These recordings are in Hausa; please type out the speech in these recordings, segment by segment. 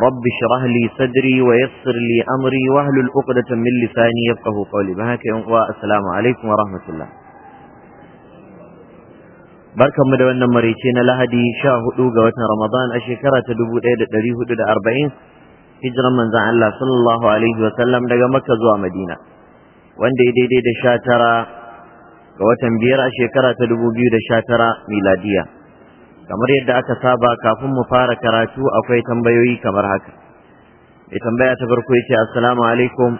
رب اشرح لي صدري ويسر لي امري واحلل عقدة من لساني يفقه قولي بهاك السلام عليكم ورحمة الله barkan mu da wannan maraice na lahadi sha hudu ga watan ramadan a shekara ta dubu ɗaya da ɗari hudu da arba'in hijiran manzan Allah sallallahu alaihi wa sallam daga makka zuwa madina wanda ya daidai da sha tara ga watan biyar a shekara ta dubu biyu da sha tara miladiya kamar yadda aka saba kafin mu fara karatu akwai tambayoyi kamar haka mai tambaya ta farko yace assalamu alaikum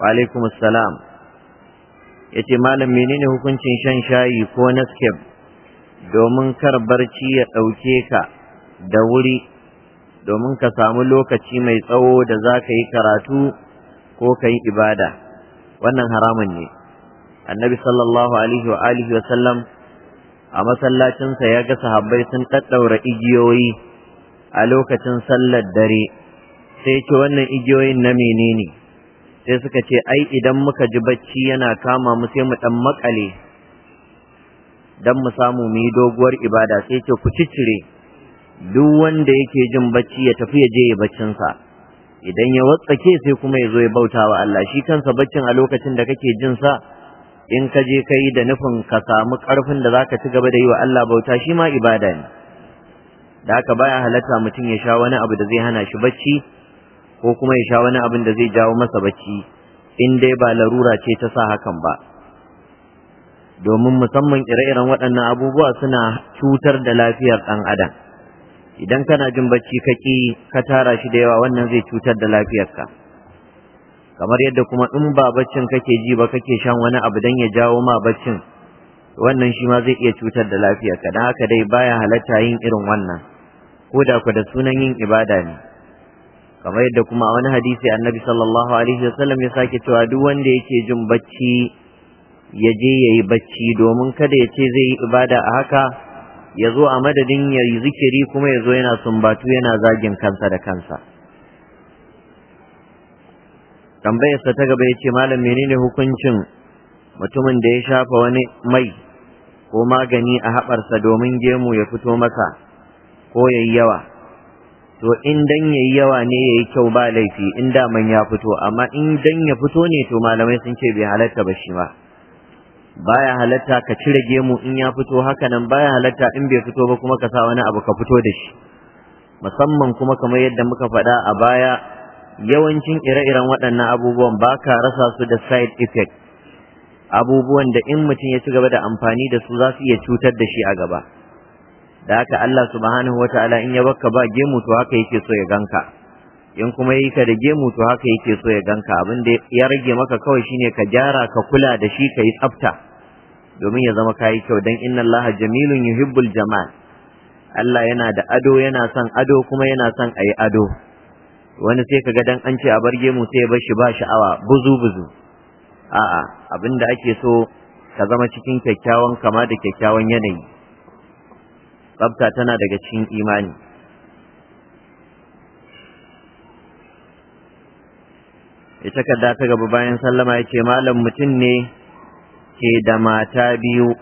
wa alaikum assalam yace malam menene hukuncin shan shayi ko naskeb domin kar barci ya ɗauke ka da wuri domin ka samu lokaci mai tsawo da za ka yi karatu ko ka yi ibada wannan haramun ne annabi sallallahu alaihi wa alihi wa sallam a masallacinsa ya ga sahabbai sun ɗaɗɗaura igiyoyi a lokacin sallar dare sai ce wannan igiyoyin na menene sai suka ce ai idan muka ji bacci yana kama mu sai mu ɗan makale don mu samu mu yi doguwar ibada sai ce ku ciccire duk wanda yake jin bacci ya tafi ya je ya baccinsa idan ya watsake sai kuma ya zo ya bauta wa Allah shi kansa baccin a lokacin da kake jin sa in ka je ka yi da nufin ka samu ƙarfin da za ka ci gaba da yi wa Allah bauta shi ma ibada ne da haka baya halatta mutum ya sha wani abu da zai hana shi bacci ko kuma ya sha wani abin da zai jawo masa bacci in dai ba larura ce ta sa hakan ba domin musamman ire-iren waɗannan abubuwa suna cutar da lafiyar ɗan adam idan kana jin bacci kaki ka tara shi da yawa wannan zai cutar da lafiyarka kamar yadda kuma in ba baccin kake ji ba kake shan wani abu dan ya jawo ma baccin wannan shi ma zai iya cutar da lafiya ka haka dai baya halatta yin irin wannan ko da ku da sunan yin ibada ne kamar yadda kuma a wani hadisi annabi sallallahu alaihi wasallam ya sake cewa duk wanda yake jin bacci ya je ya yi bacci domin kada ya ce zai yi ibada a haka ya zo a madadin ya yi zikiri kuma ya zo yana sumbatu yana zagin kansa da kansa sa ta gaba ya ce malam menene hukuncin mutumin da ya shafa wani mai ko magani a haɓarsa domin gemu ya fito masa ko yayi yawa to in dan yayi yawa ne yayi kyau ba laifi in daman ya fito amma in dan ya fito ne to malamai sun ce bai halatta ba shi ba, baya halatta ka cire gemu in ya fito haka nan baya halatta in bai fito ba kuma ka sa wani abu ka fito da shi musamman kuma kamar yadda muka faɗa a baya yawancin ire-iren waɗannan abubuwan ba ka rasa su da side effect abubuwan da in mutum ya ci gaba da amfani da su za su iya cutar da shi a gaba da haka Allah subhanahu wa ta'ala in ya baka ba gemu to haka yake so ya ganka in kuma yi ka da gemu to haka yake so ya ganka abin da ya rage maka kawai shine ka gyara ka kula da shi ka yi tsafta domin ya zama kayi kyau dan inna Allah jamilun yuhibbul jamaa Allah yana da ado yana son ado kuma yana son ayi ado wani sai kaga dan an ce a barge mu sai ya bar shi ba sha'awa buzu buzu a'a abinda ake so ka zama cikin kyakkyawan kama da kyakkyawan yanayi tsafta tana daga cikin imani ita kadda ta gaba bayan sallama ya ce malam mutum ne ke da mata biyu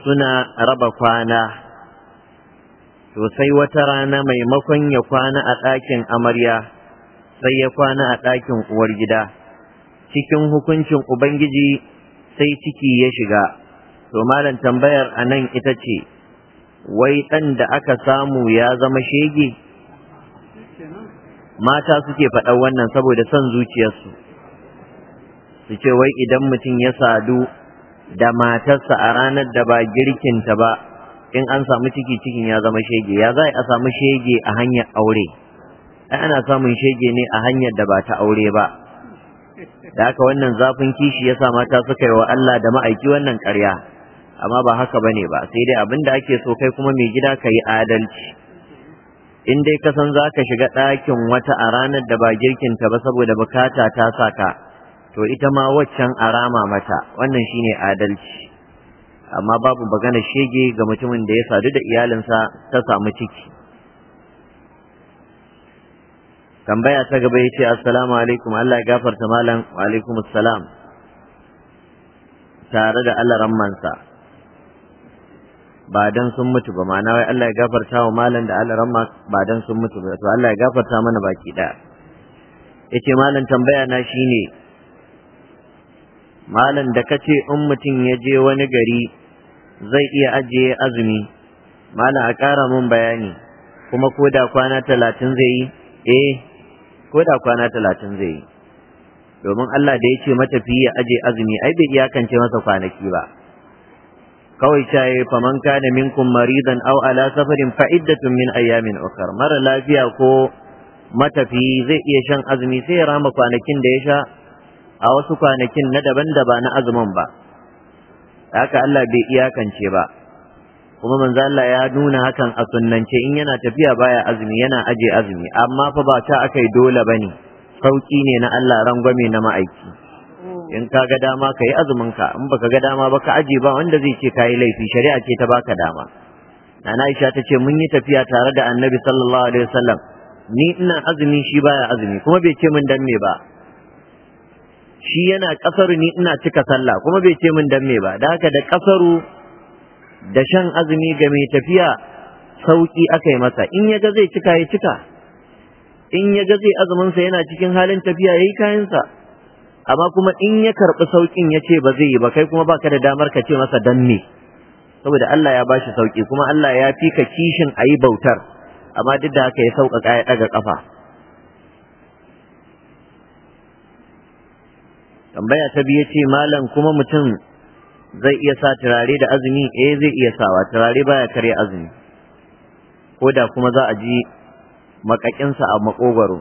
suna raba kwana to sai wata rana maimakon ya kwana a ɗakin amarya sai ya kwana a ɗakin uwar gida cikin hukuncin ubangiji sai ciki ya shiga to malam tambayar a nan ita ce wai ɗan da aka samu ya zama shege mata suke faɗan wannan saboda son zuciyarsu su ce wai idan mutum ya sadu da matarsa a ranar da ba girkinta ba in an samu ciki cikin ya zama shege ya za a samu shege a hanyar aure ai ana samun shege ne a hanyar da ba ta aure ba da haka wannan zafin kishi ya sa mata suka yi wa Allah da ma'aiki wannan ƙarya amma ba haka bane ba sai dai abin da ake so kai kuma mai gida ka yi adalci in dai ka san za ka shiga ɗakin wata a ranar da ba girkin girkinta ba saboda bukata ta sa ka to ita ma waccan arama mata wannan shine adalci amma babu magana shege ga mutumin da ya sadu da iyalinsa ta samu ciki tambaya ta gaba ya ce assalamu alaikum Allah ya gafarta malam wa alaikum assalam tare da Allah rammansa ba dan sun mutu ba ma'ana wai Allah ya gafarta wa malam da Allah ramma ba dan sun mutu ba to Allah ya gafarta mana baki daya yace malam tambaya na shine malam da kace in mutum ya je wani gari zai iya ajiye azumi malam a ƙara mun bayani kuma ko da kwana talatin zai yi eh ko da kwana talatin zai yi domin Allah da ya ce matafi ya aje azumi ai bai iyakance masa kwanaki ba kawai fa faman kana minkum maridan Au ala safarin fa iddatun min Ayyamin ukhra mara lafiya ko matafi zai iya shan azumi sai ya rama kwanakin da ya sha a wasu kwanakin na daban da ba na azumin ba haka Allah bai iyakance ba kuma manzo Allah ya nuna hakan a sunnance in yana tafiya baya azumi yana aje azumi amma fa ba ta akai dole bane sauki ne na Allah rangwame na ma'aiki in ka ga dama ka azumin ka in baka ga dama ba ka aje ba wanda zai ce ka laifi shari'a ce ta baka dama Nana Aisha ta ce mun yi tafiya tare da Annabi sallallahu alaihi wasallam ni ina azumi shi baya azumi kuma bai ce mun dan ba shi yana kasaru ni ina cika sallah kuma bai ce min dan me ba da haka da kasaru da shan azumi ga mai tafiya sauki aka yi masa in ya ga zai cika ya cika in ya ga zai azumin sa yana cikin halin tafiya yayi kayansa amma kuma in ya karbi saukin ya ce ba zai yi ba kai kuma baka da damar ka ce masa dan me saboda Allah ya bashi sauki kuma Allah ya fi ka kishin ayi bautar amma duk da haka ya sauƙaƙa ya ɗaga ƙafa tambaya ta biyu ce malam kuma mutum zai iya sa turare da azumi eh zai iya sawa turare baya karya azumi ko da kuma za a ji makakinsa a makogwaro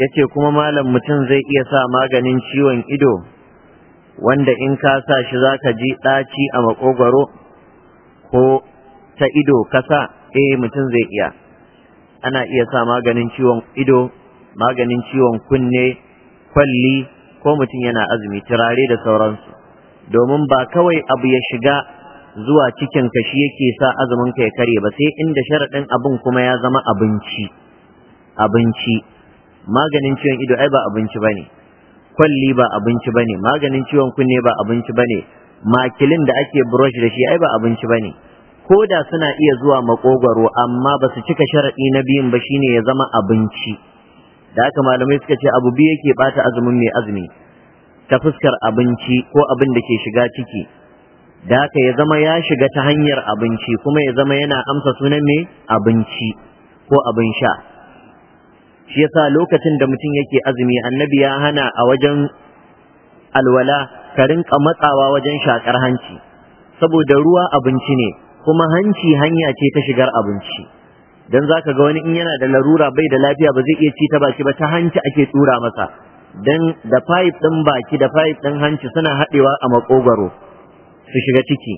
ya ce kuma malam mutum zai iya sa maganin ciwon ido wanda in ka sa shi za ka ji ɗaci a makogwaro ko ta ido kasa eh mutum zai iya ana iya sa maganin ciwon ido maganin ciwon kunne kwalli ko mutum yana azumi turare da sauransu domin ba kawai abu ya shiga zuwa cikin kashi yake sa azumin ka ya kare ba sai inda sharaɗin abin kuma ya zama abinci abinci maganin ciwon ido ai ba abinci ba ne, kwalli ba abinci ba ne, maganin ciwon kunne ba abinci ba ne, makilin da ake brush da shi ai ba abinci ba ne, ko da suna iya zuwa makogwaro amma ba su cika sharaɗi na biyun ba shine ya zama abinci da haka malamai suka ce abu biyu yake bata azumin mai azumi ta fuskar abinci ko abin da ke shiga ciki da haka ya zama ya shiga ta hanyar abinci kuma ya zama yana amsa sunan mai abinci ko abin sha shi yasa lokacin da mutum yake azumi annabi ya hana a wajen alwala ka rinka matsawa wajen shakar hanci saboda ruwa abinci ne kuma hanci hanya ce ta shigar abinci dan zaka ga wani in yana da larura bai da lafiya ba zai iya ci ta baki ba ta hanci ake tura masa dan da pipe din baki da pipe din hanci suna haɗewa a makogaro su shiga ciki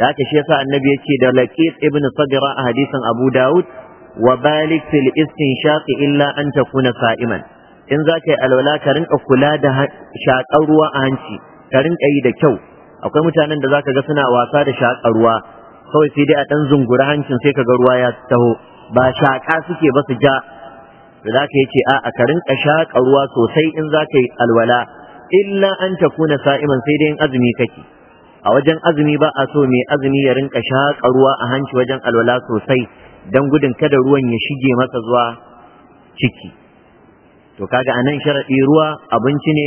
da haka shi yasa annabi yake da laqit ibn sadra a hadisin abu daud wa balik fil istinshaq illa an takuna sa'iman in zaka yi alwala ka rinka kula da shaƙar ruwa a hanci ka rinka yi da kyau akwai mutanen da zaka ga suna wasa da shaƙar ruwa kawai sai dai a ɗan zungura hancin sai ka ga ruwa ya taho ba shaƙa suke ba su ja da za ka yi ce a ka rinka shaƙa ruwa sosai in za ka yi alwala illa an ta kuna sa'iman sai dai in azumi kake a wajen azumi ba a so mai azumi ya rinka shaƙa ruwa a hanci wajen alwala sosai don gudun kada ruwan ya shige masa zuwa ciki to kaga anan sharaɗi ruwa abinci ne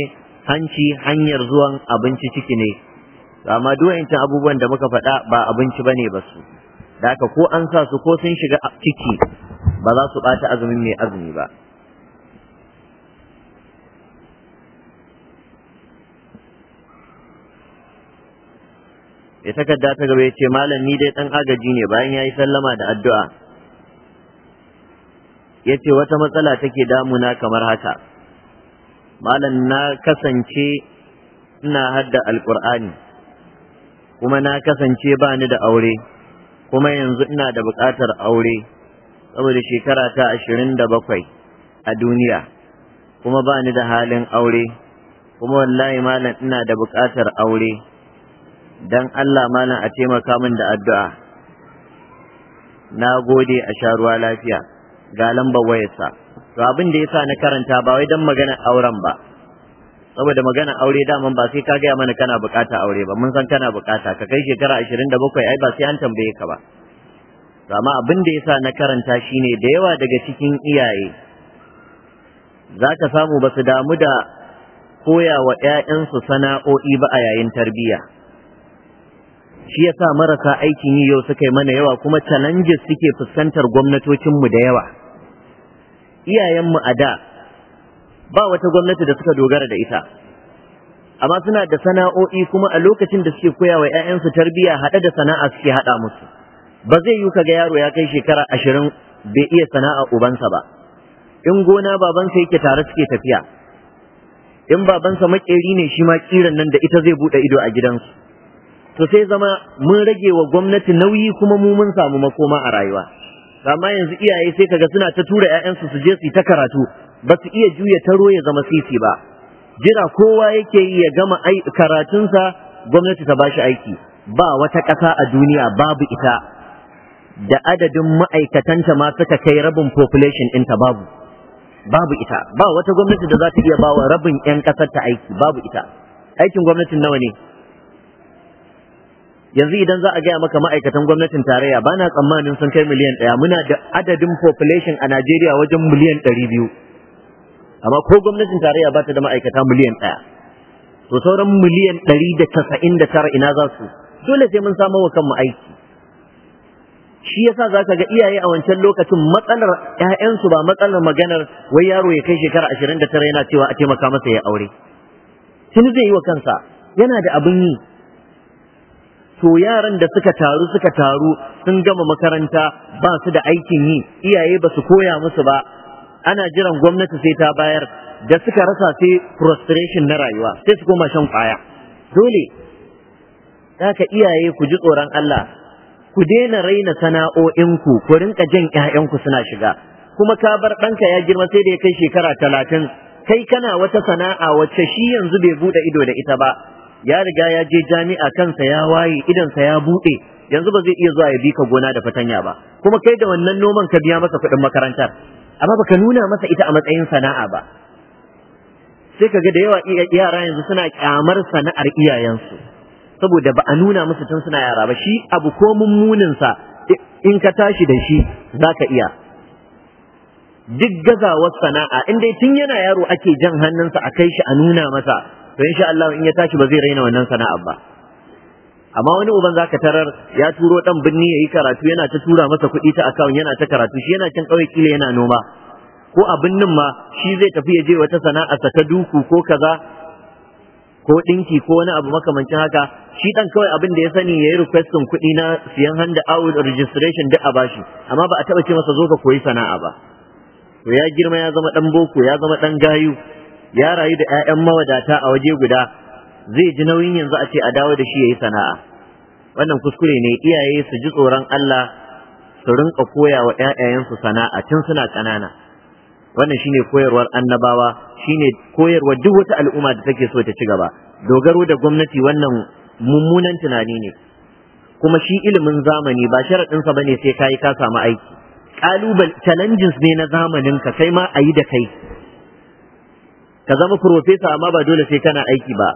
hanci hanyar zuwan abinci ciki ne amma duk abubuwan da muka faɗa ba abinci ba ne ba su da aka ko an sa su ko sun shiga ciki ba za su ɓata azumin mai azumi ba ya takarda ta gaba ya ce malam ni dai ɗan agaji ne bayan ya yi sallama da addu'a ya ce wata matsala take damuna kamar haka malam na kasance ina hadda alƙur'ani kuma na kasance ba ni da aure kuma yanzu ina da buƙatar aure saboda shekara ta ashirin da bakwai a duniya kuma ba ni da halin aure kuma wallahi malam ina da buƙatar aure don Allah malam a taimaka min da addu'a na gode a sha ruwa lafiya ga lambar wayarsa to abin da yasa na karanta ba wai don maganar auren ba saboda magana aure daman ba sai ka gaya mana kana bukata aure ba mun san kana bukata ka kai shekara ashirin 27 ai ba sai an tambaye ka ba amma abin da yasa na karanta shine da yawa daga cikin iyaye za ka samu ba su damu da koya wa 'ya'yansu sana'o'i ba a yayin tarbiyya shi yasa marasa aikin yi yau suka yi mana yawa kuma challenges suke fuskantar gwamnatocinmu da yawa iyayenmu a da ba wata gwamnati da suka dogara da ita amma suna da sana'o'i kuma a lokacin da suke koya wa 'ya'yansu tarbiyya haɗe da sana'a suke haɗa musu ba zai yi kaga yaro ya kai shekara ashirin bai iya sana'a ubansa ba in gona babansa yake tare suke tafiya in babansa makeri ne shi ma kiran nan da ita zai buɗe ido a gidansu to sai zama mun rage wa gwamnati nauyi kuma mu mun samu makoma a rayuwa amma yanzu iyaye sai kaga suna ta tura 'ya'yansu su je su yi ta karatu ba su iya juya taro ya zama sisi ba jira kowa yake yi ya gama karatunsa gwamnati ta bashi aiki ba wata ƙasa a duniya babu ita da adadin ma'aikatanta ma suka kai rabin population ɗinta babu babu ita ba wata gwamnati da za ta iya bawa rabin 'yan ƙasar ta aiki babu ita aikin gwamnatin nawa ne yanzu idan za a gaya maka ma'aikatan gwamnatin tarayya ba na tsammanin sun kai miliyan ɗaya muna da adadin population a najeriya wajen miliyan ɗari biyu amma ko gwamnatin tarayya ba ta da ma'aikata miliyan ɗaya to sauran miliyan ɗari da casa'in da tara ina za su dole sai mun samar wa kanmu aiki shi yasa za ka ga iyaye a wancan lokacin matsalar ‘ya'yansu ba matsalar maganar wai yaro ya kai shekara ashirin da tara yana cewa a taimaka masa ya aure tun zai yi wa kansa yana da abin yi to yaran da suka taru suka taru sun gama makaranta ba su da aikin yi iyaye ba su koya musu ba ana jiran gwamnati sai ta bayar da suka rasa sai frustration na rayuwa sai su koma shan kwaya dole haka iyaye ku ji tsoron Allah ku daina raina sana'o'inku ku rinka jan ƴaƴanku suna shiga kuma ka bar ɗanka ya girma sai da ya kai shekara talatin kai kana wata sana'a wacce shi yanzu bai buɗe ido da ita ba ya riga ya je jami'a kansa ya waye sa ya buɗe yanzu ba zai iya zuwa ya bi ka gona da fatanya ba kuma kai da wannan noman ka biya masa kuɗin makarantar amma baka nuna masa ita a matsayin sana'a ba sai ka ga da yawa yara yanzu suna kyamar sana'ar iyayensu saboda ba a nuna musu tun suna yara ba shi abu ko mummunin sa in ka tashi da shi zaka iya duk gazawar sana'a in dai tun yana yaro ake jan hannunsa a kai shi a nuna masa to insha Allah in ya tashi ba zai raina wannan sana'ar ba amma wani uban za ka tarar ya turo ɗan birni ya yi karatu yana ta tura masa kuɗi ta akawun yana ta karatu shi yana can kauye kila yana noma ko a ma shi zai tafi ya je wata sana'a ta duku ko kaza ko ɗinki, ko wani abu makamancin haka shi dan kawai abin da ya sani ya yi requestin kuɗi na siyan handa out registration duk a bashi amma ba a taɓa ce masa zo ka koyi sana'a ba to ya girma ya zama ɗan boko ya zama ɗan gayu ya rayu da 'ya'yan mawadata a waje guda zai ji nauyin yanzu a ce a dawo da shi ya yi sana'a wannan kuskure ne iyaye su ji tsoron Allah su rinka koyawa wa sana'a tun suna ƙanana wannan shine koyarwar annabawa shine koyarwar duk wata al'umma da take so ta ci gaba dogaro da gwamnati wannan mummunan tunani ne kuma shi ilimin zamani ba sharaɗinsa ne sai ka yi ka samu aiki ƙalubal challenges ne na zamanin ka kai ma a yi da kai ka zama profesa amma ba dole sai kana aiki ba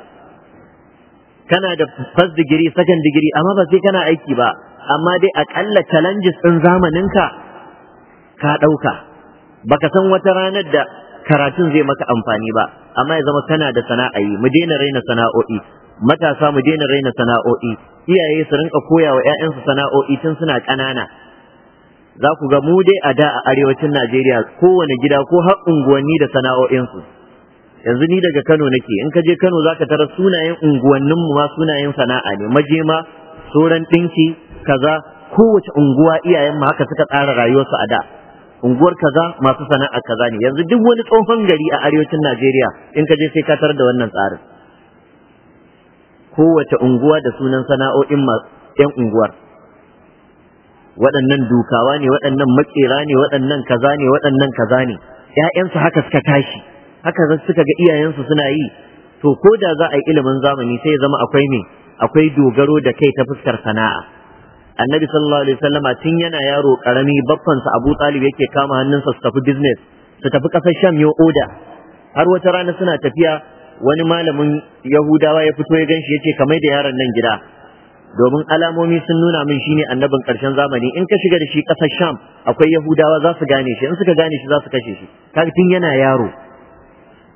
kana da first degree second degree amma ba sai kana aiki ba amma dai akalla challenges ɗin zamanin ka ka ɗauka baka san wata ranar da karatun zai maka amfani ba amma ya zama kana da sana'a yi mu daina raina sana'o'i matasa mu daina raina sana'o'i iyaye su rinka koya wa 'ya'yansu sana'o'i tun suna ƙanana za ku ga mu dai a da a arewacin Najeriya kowane gida ko har unguwanni da sana'o'insu yanzu ni daga Kano nake in ka je Kano zaka tara sunayen unguwannin mu ma sunayen sana'a ne majema soran dinki kaza kowace unguwa iyayen mu haka suka tsara rayuwarsu a da unguwar kaza masu sana'a kaza ne yanzu duk wani tsohon gari a arewacin Najeriya in ka je sai ka tarar da wannan tsarin kowace unguwa da sunan sana'o'in yan unguwar waɗannan dukawa ne waɗannan makera ne waɗannan kaza ne waɗannan kaza ne Ya'yansu haka suka tashi haka za suka ga iyayensu suna yi to ko da za a yi ilimin zamani sai zama akwai me akwai dogaro da kai ta fuskar sana'a annabi sallallahu alaihi wasallam tun yana yaro karami sa abu talib yake kama hannunsa su tafi business su tafi kasar sham yo oda har wata rana suna tafiya wani malamin yahudawa ya fito ya ganshi yace kamar da yaron nan gida domin alamomi sun nuna min shine annabin karshen zamani in ka shiga da shi kasar sham akwai yahudawa za su gane shi in suka gane shi za su kashe shi kaga tun yana yaro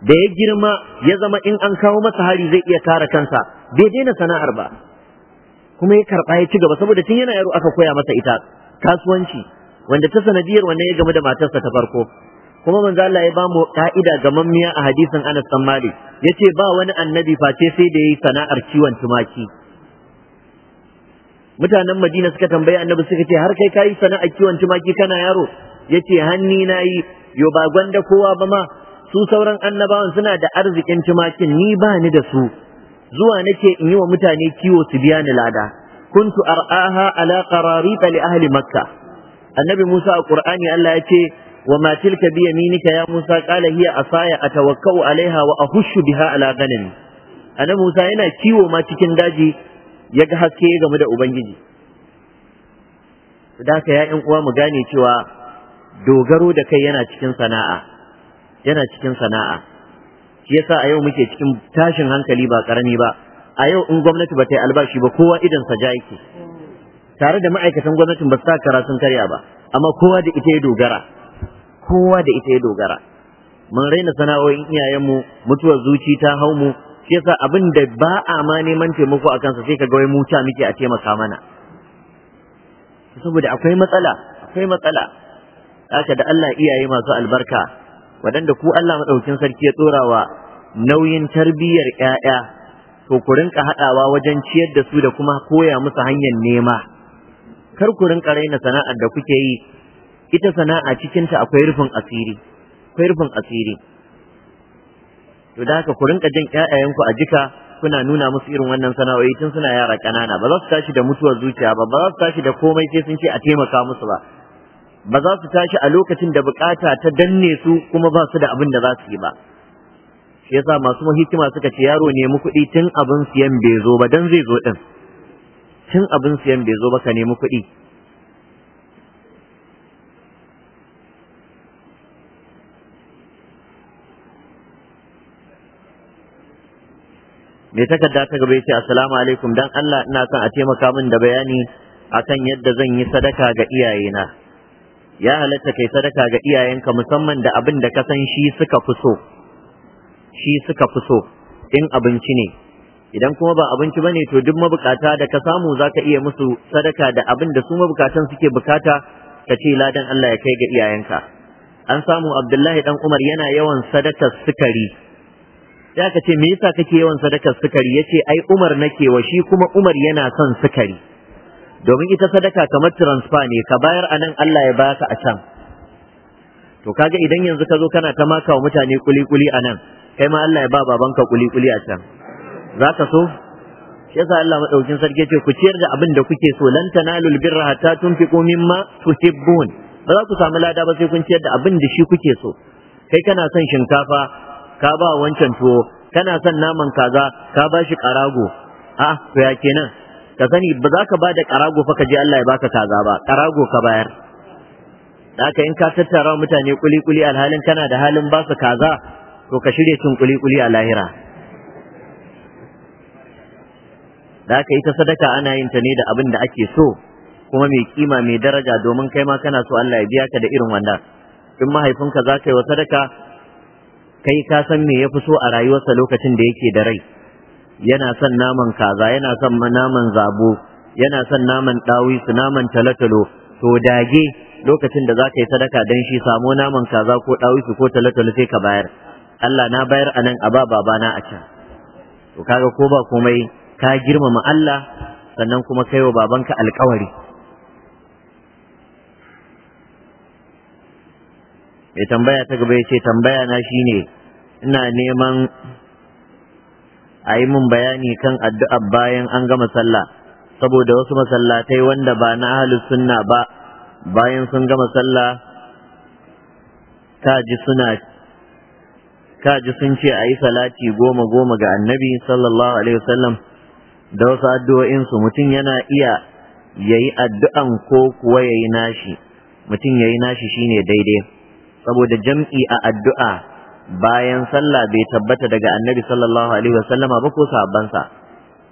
da ya girma ya zama in an kawo masa hari zai iya kare kansa bai daina sana'ar ba kuma ya karɓa ya ci gaba saboda tun yana yaro aka koya masa ita kasuwanci wanda ta sanadiyar wannan ya gamu da matarsa ta farko kuma manzo Allah ya bamu ka'ida ga mammiya a hadisin Anas bin Malik yace ba wani annabi face sai da yayi sana'ar ciwon tumaki mutanen Madina suka tambayi annabi suka ce har kai kayi sana'ar ciwon tumaki kana yaro yace hanni nayi yo ba gwanda kowa ba ma su sauran annabawan suna da arzikin tumakin ni ba ni da su zuwa nake in yi wa mutane kiwo su biya ni lada kuntu ar'aha ala qararita li ahli makka annabi Musa a Qur'ani Allah ya ce wa ma tilka bi yaminika ya Musa qala hiya asaya atawakkau alaiha wa ahushu biha ala ghanami annabi Musa yana kiwo ma cikin daji yaga ga haske game da ubangiji da haka ya uwa mu gane cewa dogaro da kai yana cikin sana'a yana cikin sana'a shi yasa a yau muke cikin tashin hankali ba karami ba a yau in gwamnati ba ta yi albashi ba kowa idan sa ja yake tare da ma'aikatan gwamnatin ba su sa karatun karya ba amma kowa da ita ya dogara kowa da ita ya dogara mun raina sana'o'in iyayenmu mutuwar zuci ta hau mu shi yasa abin da ba a ma neman taimako a kansa sai ka ga wai mu ta muke a taimaka mana saboda akwai matsala akwai matsala haka da Allah iyaye masu albarka waɗanda ku Allah maɗaukin sarki ya tsora wa nauyin tarbiyyar ƴaƴa to ku rinka haɗawa wajen ciyar da su da kuma koya musu hanyar nema kar ku rinka raina sana'ar da kuke yi ita sana'a cikinta akwai rufin asiri akwai rufin asiri to da haka ku rinka jin ƴaƴayenku a jika kuna nuna musu irin wannan sana'o'i tun suna yara ƙanana ba za su tashi da mutuwar zuciya ba ba za su tashi da komai sai sun ce a taimaka musu ba ba za su tashi a lokacin da bukata ta danne su kuma ba su da abin da za su yi ba shi yasa masu hikima suka ce yaro nemi kuɗi tun abin siyan bai zo ba dan zai zo din tun abin siyan bai zo ba ka nemi kuɗi mai takarda ta gaba ya ce assalamu alaikum dan Allah ina son a taimaka min da bayani akan yadda zan yi sadaka ga iyayena ya halatta kai sadaka ga iyayenka musamman da abin da ka san shi suka fi so shi suka fi so in abinci ne idan kuma ba abinci bane to duk mabukata da ka samu zaka iya musu sadaka da abin da su mabukatan suke bukata ka ce ladan Allah ya kai ga iyayenka an samu Abdullahi dan Umar yana yawan sadakar sukari ya ka ce me yasa kake yawan sadakar sukari yace ai Umar nake wa shi kuma Umar yana son sukari domin ita sadaka kamar transfer ne ka bayar anan nan Allah ya baka a can to kaga idan yanzu ka zo kana ta maka wa mutane kuli-kuli a nan kai ma Allah ya ba babanka kuli-kuli a can za ka so shi yasa Allah madaukin sarki ce ku ciyar da abin da kuke so lan tanalul birra hatta tunfiqu mimma tuhibbun ba za ku samu lada ba sai kun ciyar da abin da shi kuke so kai kana son shinkafa ka ba wancan tuwo kana son naman kaza ka ba shi karago a to ya kenan ka sani ba za ka ba da karago fa ka je Allah ya baka kaza ba karago ka bayar haka in ka tattara mutane kuli kuli alhalin kana da halin ba su kaza to ka shirye cin kuli kuli a lahira da haka ita sadaka ana yin ta ne da abin da ake so kuma mai kima mai daraja domin kai ma kana so Allah ya biya ka da irin wannan in mahaifinka za ka yi wa sadaka kai ka san me ya fi so a rayuwarsa lokacin da yake da rai yana son naman kaza yana son naman zabo yana son naman ɗawisu naman talotalo to dage lokacin da za ka yi sadaka don shi samo naman kaza ko ɗawisu ko talotalo sai ka bayar Allah na bayar a nan a ba babana a can to kaga ko ba komai ka girmama Allah sannan kuma kai wa babanka alkawari mai tambaya ta gaba ya ce tambaya na shine ina neman a yi min bayani kan addu'a bayan an gama sallah saboda wasu masallatai wanda ba na ahlus sunna ba bayan sun gama sallah kaji suna sun ce a yi salati goma goma ga annabi sallallahu alaihi wasallam da wasu addu'o'insu mutum yana iya ya yi addu'an ko kuwa ya yi nashi mutum ya yi nashi shine daidai saboda jam'i a addu'a bayan sallah bai tabbata daga annabi sallallahu alaihi wasallama ba ko sahabbansa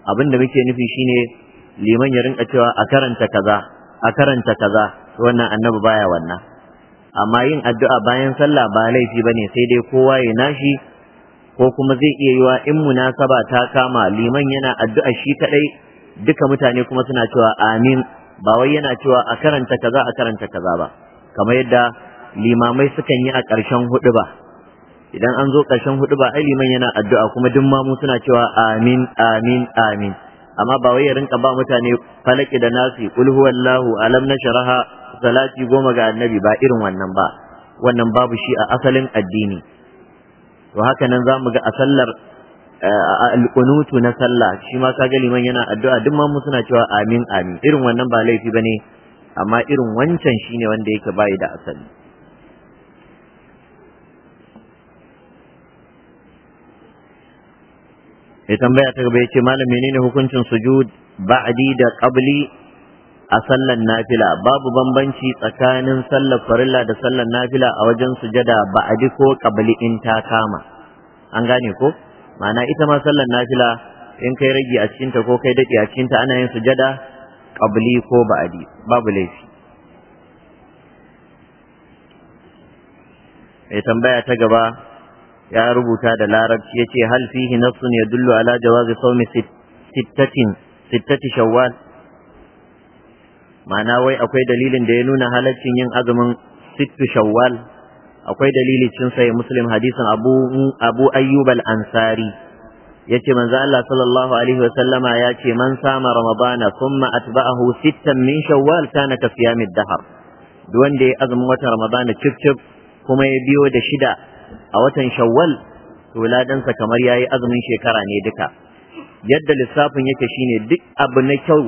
abin da muke nufi shine liman ya rinka cewa a karanta kaza a karanta kaza wannan annabi baya wannan amma yin addu'a bayan sallah ba laifi bane sai dai kowa ya nashi ko kuma zai iya yiwa in munasaba ta kama liman yana addu'a shi kadai duka mutane kuma suna cewa amin ba wai yana cewa a karanta kaza a karanta kaza ba kamar yadda limamai sukan yi a ƙarshen hudu ba idan an zo ƙarshen hudu ba ai liman yana addu'a kuma duk ma mu suna cewa amin amin amin amma ba wai ya rinka ba mutane falaki da nasi kul huwallahu alam nashraha salati goma ga annabi ba irin wannan ba wannan babu shi a asalin addini to haka nan zamu ga a sallar eh, alqunutu na sallah shi ma kaga liman yana addu'a duk ma mu suna cewa amin amin irin wannan ba laifi bane amma irin wancan shine wanda yake bai da asali ya tambaya ta gaba ya ce malam menene hukuncin sujud ba'di da qabli a sallan nafila babu bambanci tsakanin sallar farilla da sallar nafila a wajen sujada ba'di ko qabli in ta kama an gane ko ma'ana ita ma sallar nafila in kai ragi a cikinta ko kai daɗe a cikinta ana yin sujada qabli ko ba'di babu laifi ya tambaya ta gaba ya rubuta da larabci yace hal fihi nassun yadullu ala jawazi sawmi sittatin sittati shawwal ma'ana wai akwai dalilin da ya nuna halaccin yin azumin sittu shawwal akwai dalili cin sai muslim hadisin abu abu ayyub al-ansari yace manzo Allah sallallahu alaihi wasallama yace man sama ramadana thumma atba'ahu sittan min shawwal kana ka siyamid dahar duk wanda ya azumin watan ramadana cif kuma ya biyo da shida a watan shawwal wuladansa kamar kamar yayi azumin shekara ne duka yadda lissafin yake shine duk abu na kyau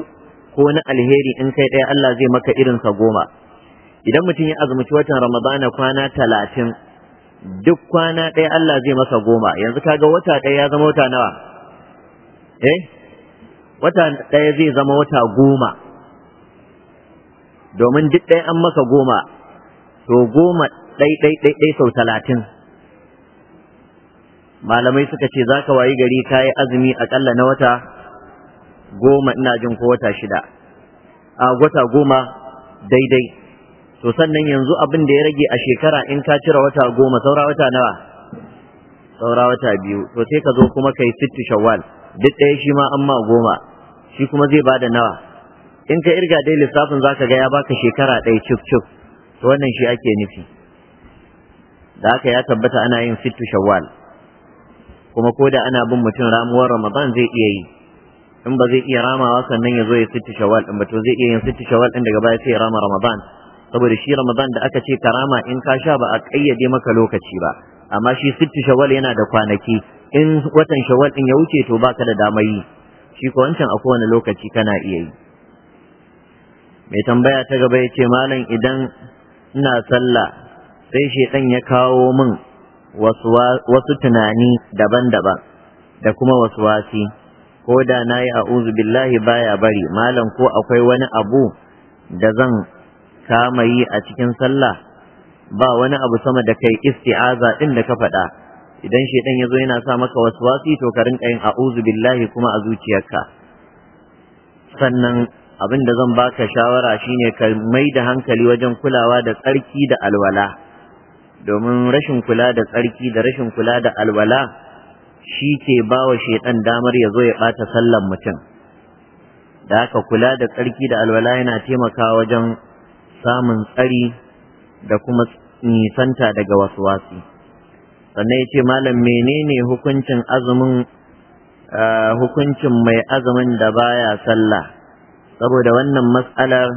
ko na alheri in kai ɗaya Allah zai maka irinsa goma idan mutum ya azumci watan ramadana kwana talatin duk kwana ɗaya Allah zai masa goma yanzu kaga wata ɗaya ya zama wata nawa eh wata ɗaya zai zama wata goma domin duk ɗaya an masa goma to goma ɗai ɗai ɗai sau talatin malamai suka ce za ka wayi gari ka yi azumi aƙalla na wata goma ina jin ko wata shida a wata goma daidai to sannan yanzu abin da ya rage a shekara in ka cire wata goma saura wata nawa saura wata biyu to sai ka zo kuma kai sittu shawwal duk ɗaya shi ma amma goma shi kuma zai bada nawa in ka irga dai lissafin zaka ga ya baka shekara ɗaya cif cif to wannan shi ake nufi da haka ya tabbata ana yin sittu shawwal kuma ko da ana bin mutum ramuwar ramadan zai iya yi in ba zai iya ramawa sannan ya zo ya sitti shawal in ba zai iya yin sitti shawal din daga baya sai ya rama ramadan saboda shi ramadan da aka ce karama in ka sha ba a kayyade maka lokaci ba amma shi sitti shawal yana da kwanaki in watan shawal din ya wuce to baka da damar yi shi ko wancan a kowane lokaci kana iya yi mai tambaya ta gaba ya ce malam idan ina sallah sai shedan ya kawo min wasu tunani daban-daban da kuma wasu wasi ko da na yi a'uzu billahi baya bari malam ko akwai wani abu da zan kama yi a cikin sallah ba wani abu sama da kai isti'aza din da ka faɗa idan shaidan ya zo yana sa maka wasu wasi to ka rinka yin a'uzu billahi kuma a zuciyarka sannan abin da zan baka shawara shine ka mai da hankali wajen kulawa da tsarki da alwala domin rashin kula da tsarki da rashin kula da alwala shi ke ba wa shaidan damar ya zo ya ɓata sallan mutum da aka kula da tsarki da alwala yana taimakawa wajen samun tsari da kuma nisanta daga wasu wasu sannan ya ce malam menene hukuncin azumin eh, hukuncin mai azumin da baya sallah saboda wannan matsalar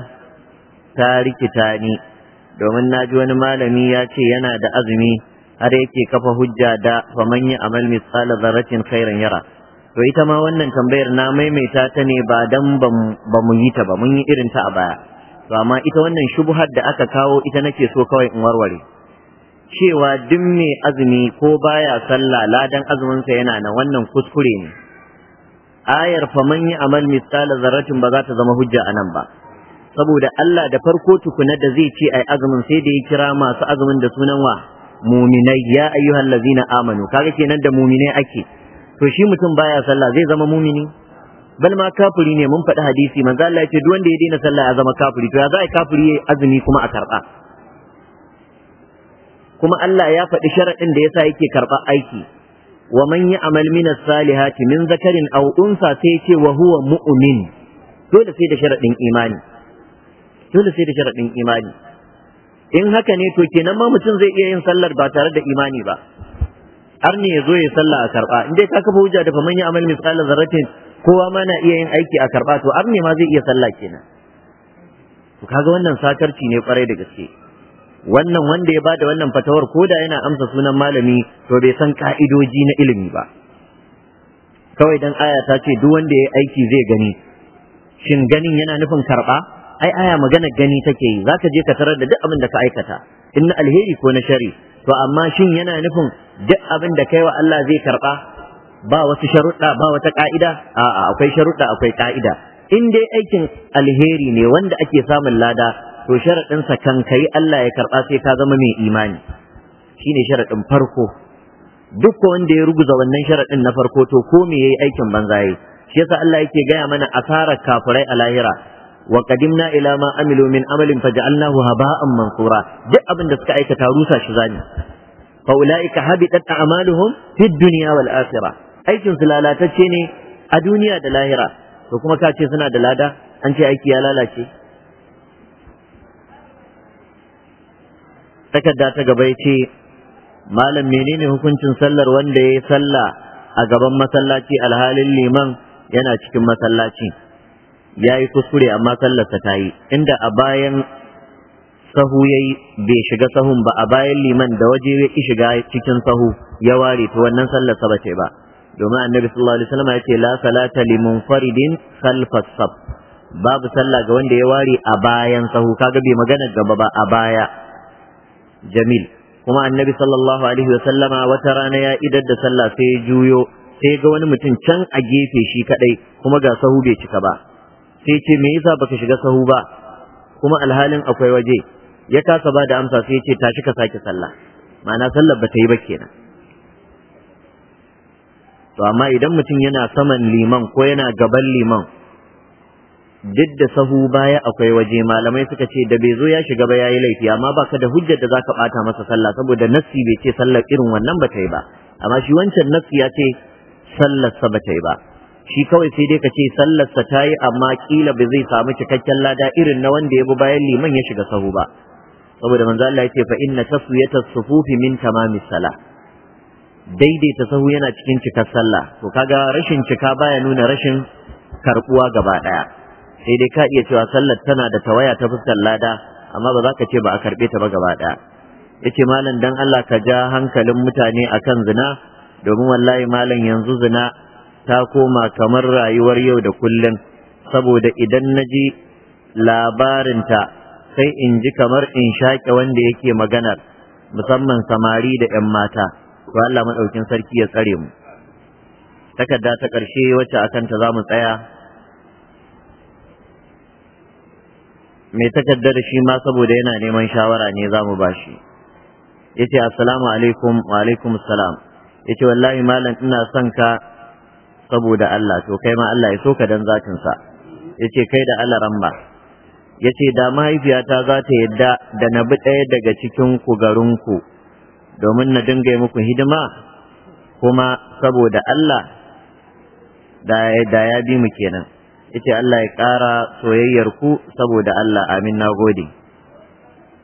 ta rikita ne. domin na ji wani malami ya ce yana da azumi har yake kafa hujja da faman yi amal misala zarratin khairan yara to ita ma wannan tambayar na maimaita ta ne ba dan ba mu yi ta ba mun yi irin ta a baya to amma ita wannan shubuhar da aka kawo ita nake so kawai in warware cewa duk mai azumi ko baya sallah ladan azuminsa yana na wannan kuskure ne ayar faman yi amal misala zarratin ba za ta zama hujja a nan ba saboda Allah da farko tukuna da zai ce ai azumin sai da ya kira masu azumin da sunan wa muminai ya ayyuhal ladzina amanu kaga kenan da muminai ake to shi mutum baya sallah zai zama mumini bal ma kafiri ne mun faɗi hadisi manzo Allah ya ce duk wanda ya daina sallah ya zama kafiri to ya za a kafiri yayi azumi kuma a karɓa kuma Allah ya faɗi sharaɗin da yasa yake karɓa aiki wa man ya'mal min as-salihati min zakarin aw unsa sai ya ce wa huwa mu'min dole sai da sharaɗin imani dole sai da sharaɗin imani in haka ne to kenan ma mutum zai iya yin sallar ba tare da imani ba har ne ya zo ya sallah a karɓa in dai ka kafa hujja da faman ya amal misali zarratin kowa ma na iya yin aiki a karɓa to har ne ma zai iya sallah kenan to kaga wannan sakarci ne kwarai da gaske wannan wanda ya bada wannan fatawar ko da yana amsa sunan malami to bai san ka'idoji na ilimi ba kawai dan aya ta ce duk wanda ya yi aiki zai gani shin ganin yana nufin karɓa ai aya maganar gani take yi zaka je ka tarar da duk abin da ka aikata in na alheri ko na shari to amma shin yana nufin duk abin da kai wa Allah zai karba ba wasu sharuɗa ba wata ka'ida a'a akwai sharuɗa akwai ka'ida in dai aikin alheri ne wanda ake samun lada to sharaɗinsa kan kai Allah ya karba sai ka zama mai imani shine sharaɗin farko duk wanda ya ruguza wannan sharaɗin na farko to ko me yayi aikin banza yayi shi yasa Allah yake gaya mana asarar kafurai a lahira wa qadimna ila ma amilu min amalin faj'alnahu haba'an mansura duk abin da suka aikata rusa shi zani fa ulaika habitat a'maluhum fid dunya wal akhirah aikin su lalatacce ne a duniya da lahira to kuma ka ce suna da lada an ce aiki ya lalace takarda ta gaba ya ce malam menene hukuncin sallar wanda ya yi sallah a gaban masallaci alhalin liman yana cikin masallaci ya yi kuskure amma sallarsa ta yi inda a bayan sahu ya yi bai shiga sahun ba a bayan liman da waje ya ki shiga cikin sahu ya ware ta wannan sallarsa ba ce ba domin annabi sallallahu alaihi wasallam ya ce la salata limon faridin khalfas sab babu sallah ga wanda ya ware a bayan sahu kaga bai magana gaba ba a baya jamil kuma annabi sallallahu alaihi wasallama wata rana ya idar da sallah sai ya juyo sai ga wani mutum can a gefe shi kaɗai, kuma ga sahu bai cika ba sai ce me yasa baka shiga sahu ba kuma alhalin akwai waje ya kasa ba da amsa sai ce tashi ka sake sallah ma'ana sallar ba ta yi ba kenan to amma idan mutum yana saman liman ko yana gaban liman duk da sahu baya akwai waje malamai suka ce da bai zo ya shiga ba yayi laifi amma baka da hujjar da zaka bata masa sallah saboda nassi bai ce sallar irin wannan ba ta yi ba amma shi wancan nassi ya ce sallar sa ba ta yi ba shi kawai sai dai ka ce sallarsa ta yi amma kila ba zai samu cikakken lada irin na wanda ya bi bayan liman ya shiga sahu ba saboda manzo Allah ya ce fa inna ta sufufi min tamamis sala daidaita sahu yana cikin cikar sallah to kaga rashin cika baya nuna rashin karbuwa gaba daya sai dai ka iya cewa sallar tana da tawaya ta fuskar lada amma ba za ka ce ba a karbe ta ba gaba daya yace malam dan Allah ka ja hankalin mutane akan zina domin wallahi malam yanzu zina ta koma kamar rayuwar yau da kullum saboda idan na ji labarinta sai in ji kamar in shaƙe wanda yake maganar musamman samari da 'yan mata to Allah maɗaukin sarki ya tsare mu takarda ta ƙarshe wacce akan ta za mu tsaya mai takarda da shi ma saboda yana neman shawara ne za mu ba ya ce assalamu alaikum wa alaikum salam ya ce wallahi malam ina son ka saboda Allah to kai ma Allah ya so ka dan zatinsa yace kai da Allah ramma yace da mahaifiyata za ta yadda da na bi ɗaya daga cikin ku ku domin na dinga muku hidima kuma saboda Allah da ya bi mu kenan yace Allah ya ƙara soyayyar ku saboda Allah amin na gode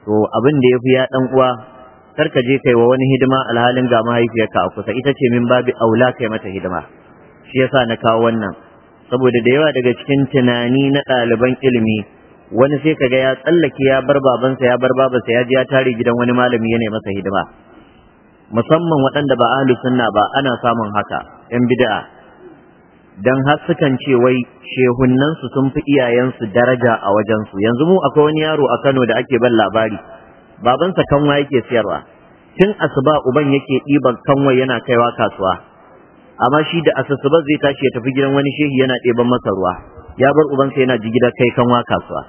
to abin da ya fi ya ɗan uwa kar ka je kai wa wani hidima alhalin ga mahaifiyarka a kusa ita ce min babi aula kai mata hidima shi yasa na kawo wannan saboda da yawa daga cikin tunani na ɗaliban ilimi wani sai kaga ya tsallake ya bar babansa ya bar babansa ya ji ya tare gidan wani malami yana masa hidima musamman waɗanda ba ahlus sunna ba ana samun haka yan bid'a dan har sukan ce wai shehunnansu sun fi iyayensu daraja a wajensu yanzu mu akwai wani yaro a Kano da ake ban labari babansa kanwa yake siyarwa tun asuba uban yake ɗiban kanwa yana kaiwa kasuwa amma shi da asasuba zai tashi ya tafi gidan wani shehi yana ɗeban masa ruwa ya bar uban ubansa yana jigida kai kan wa kasuwa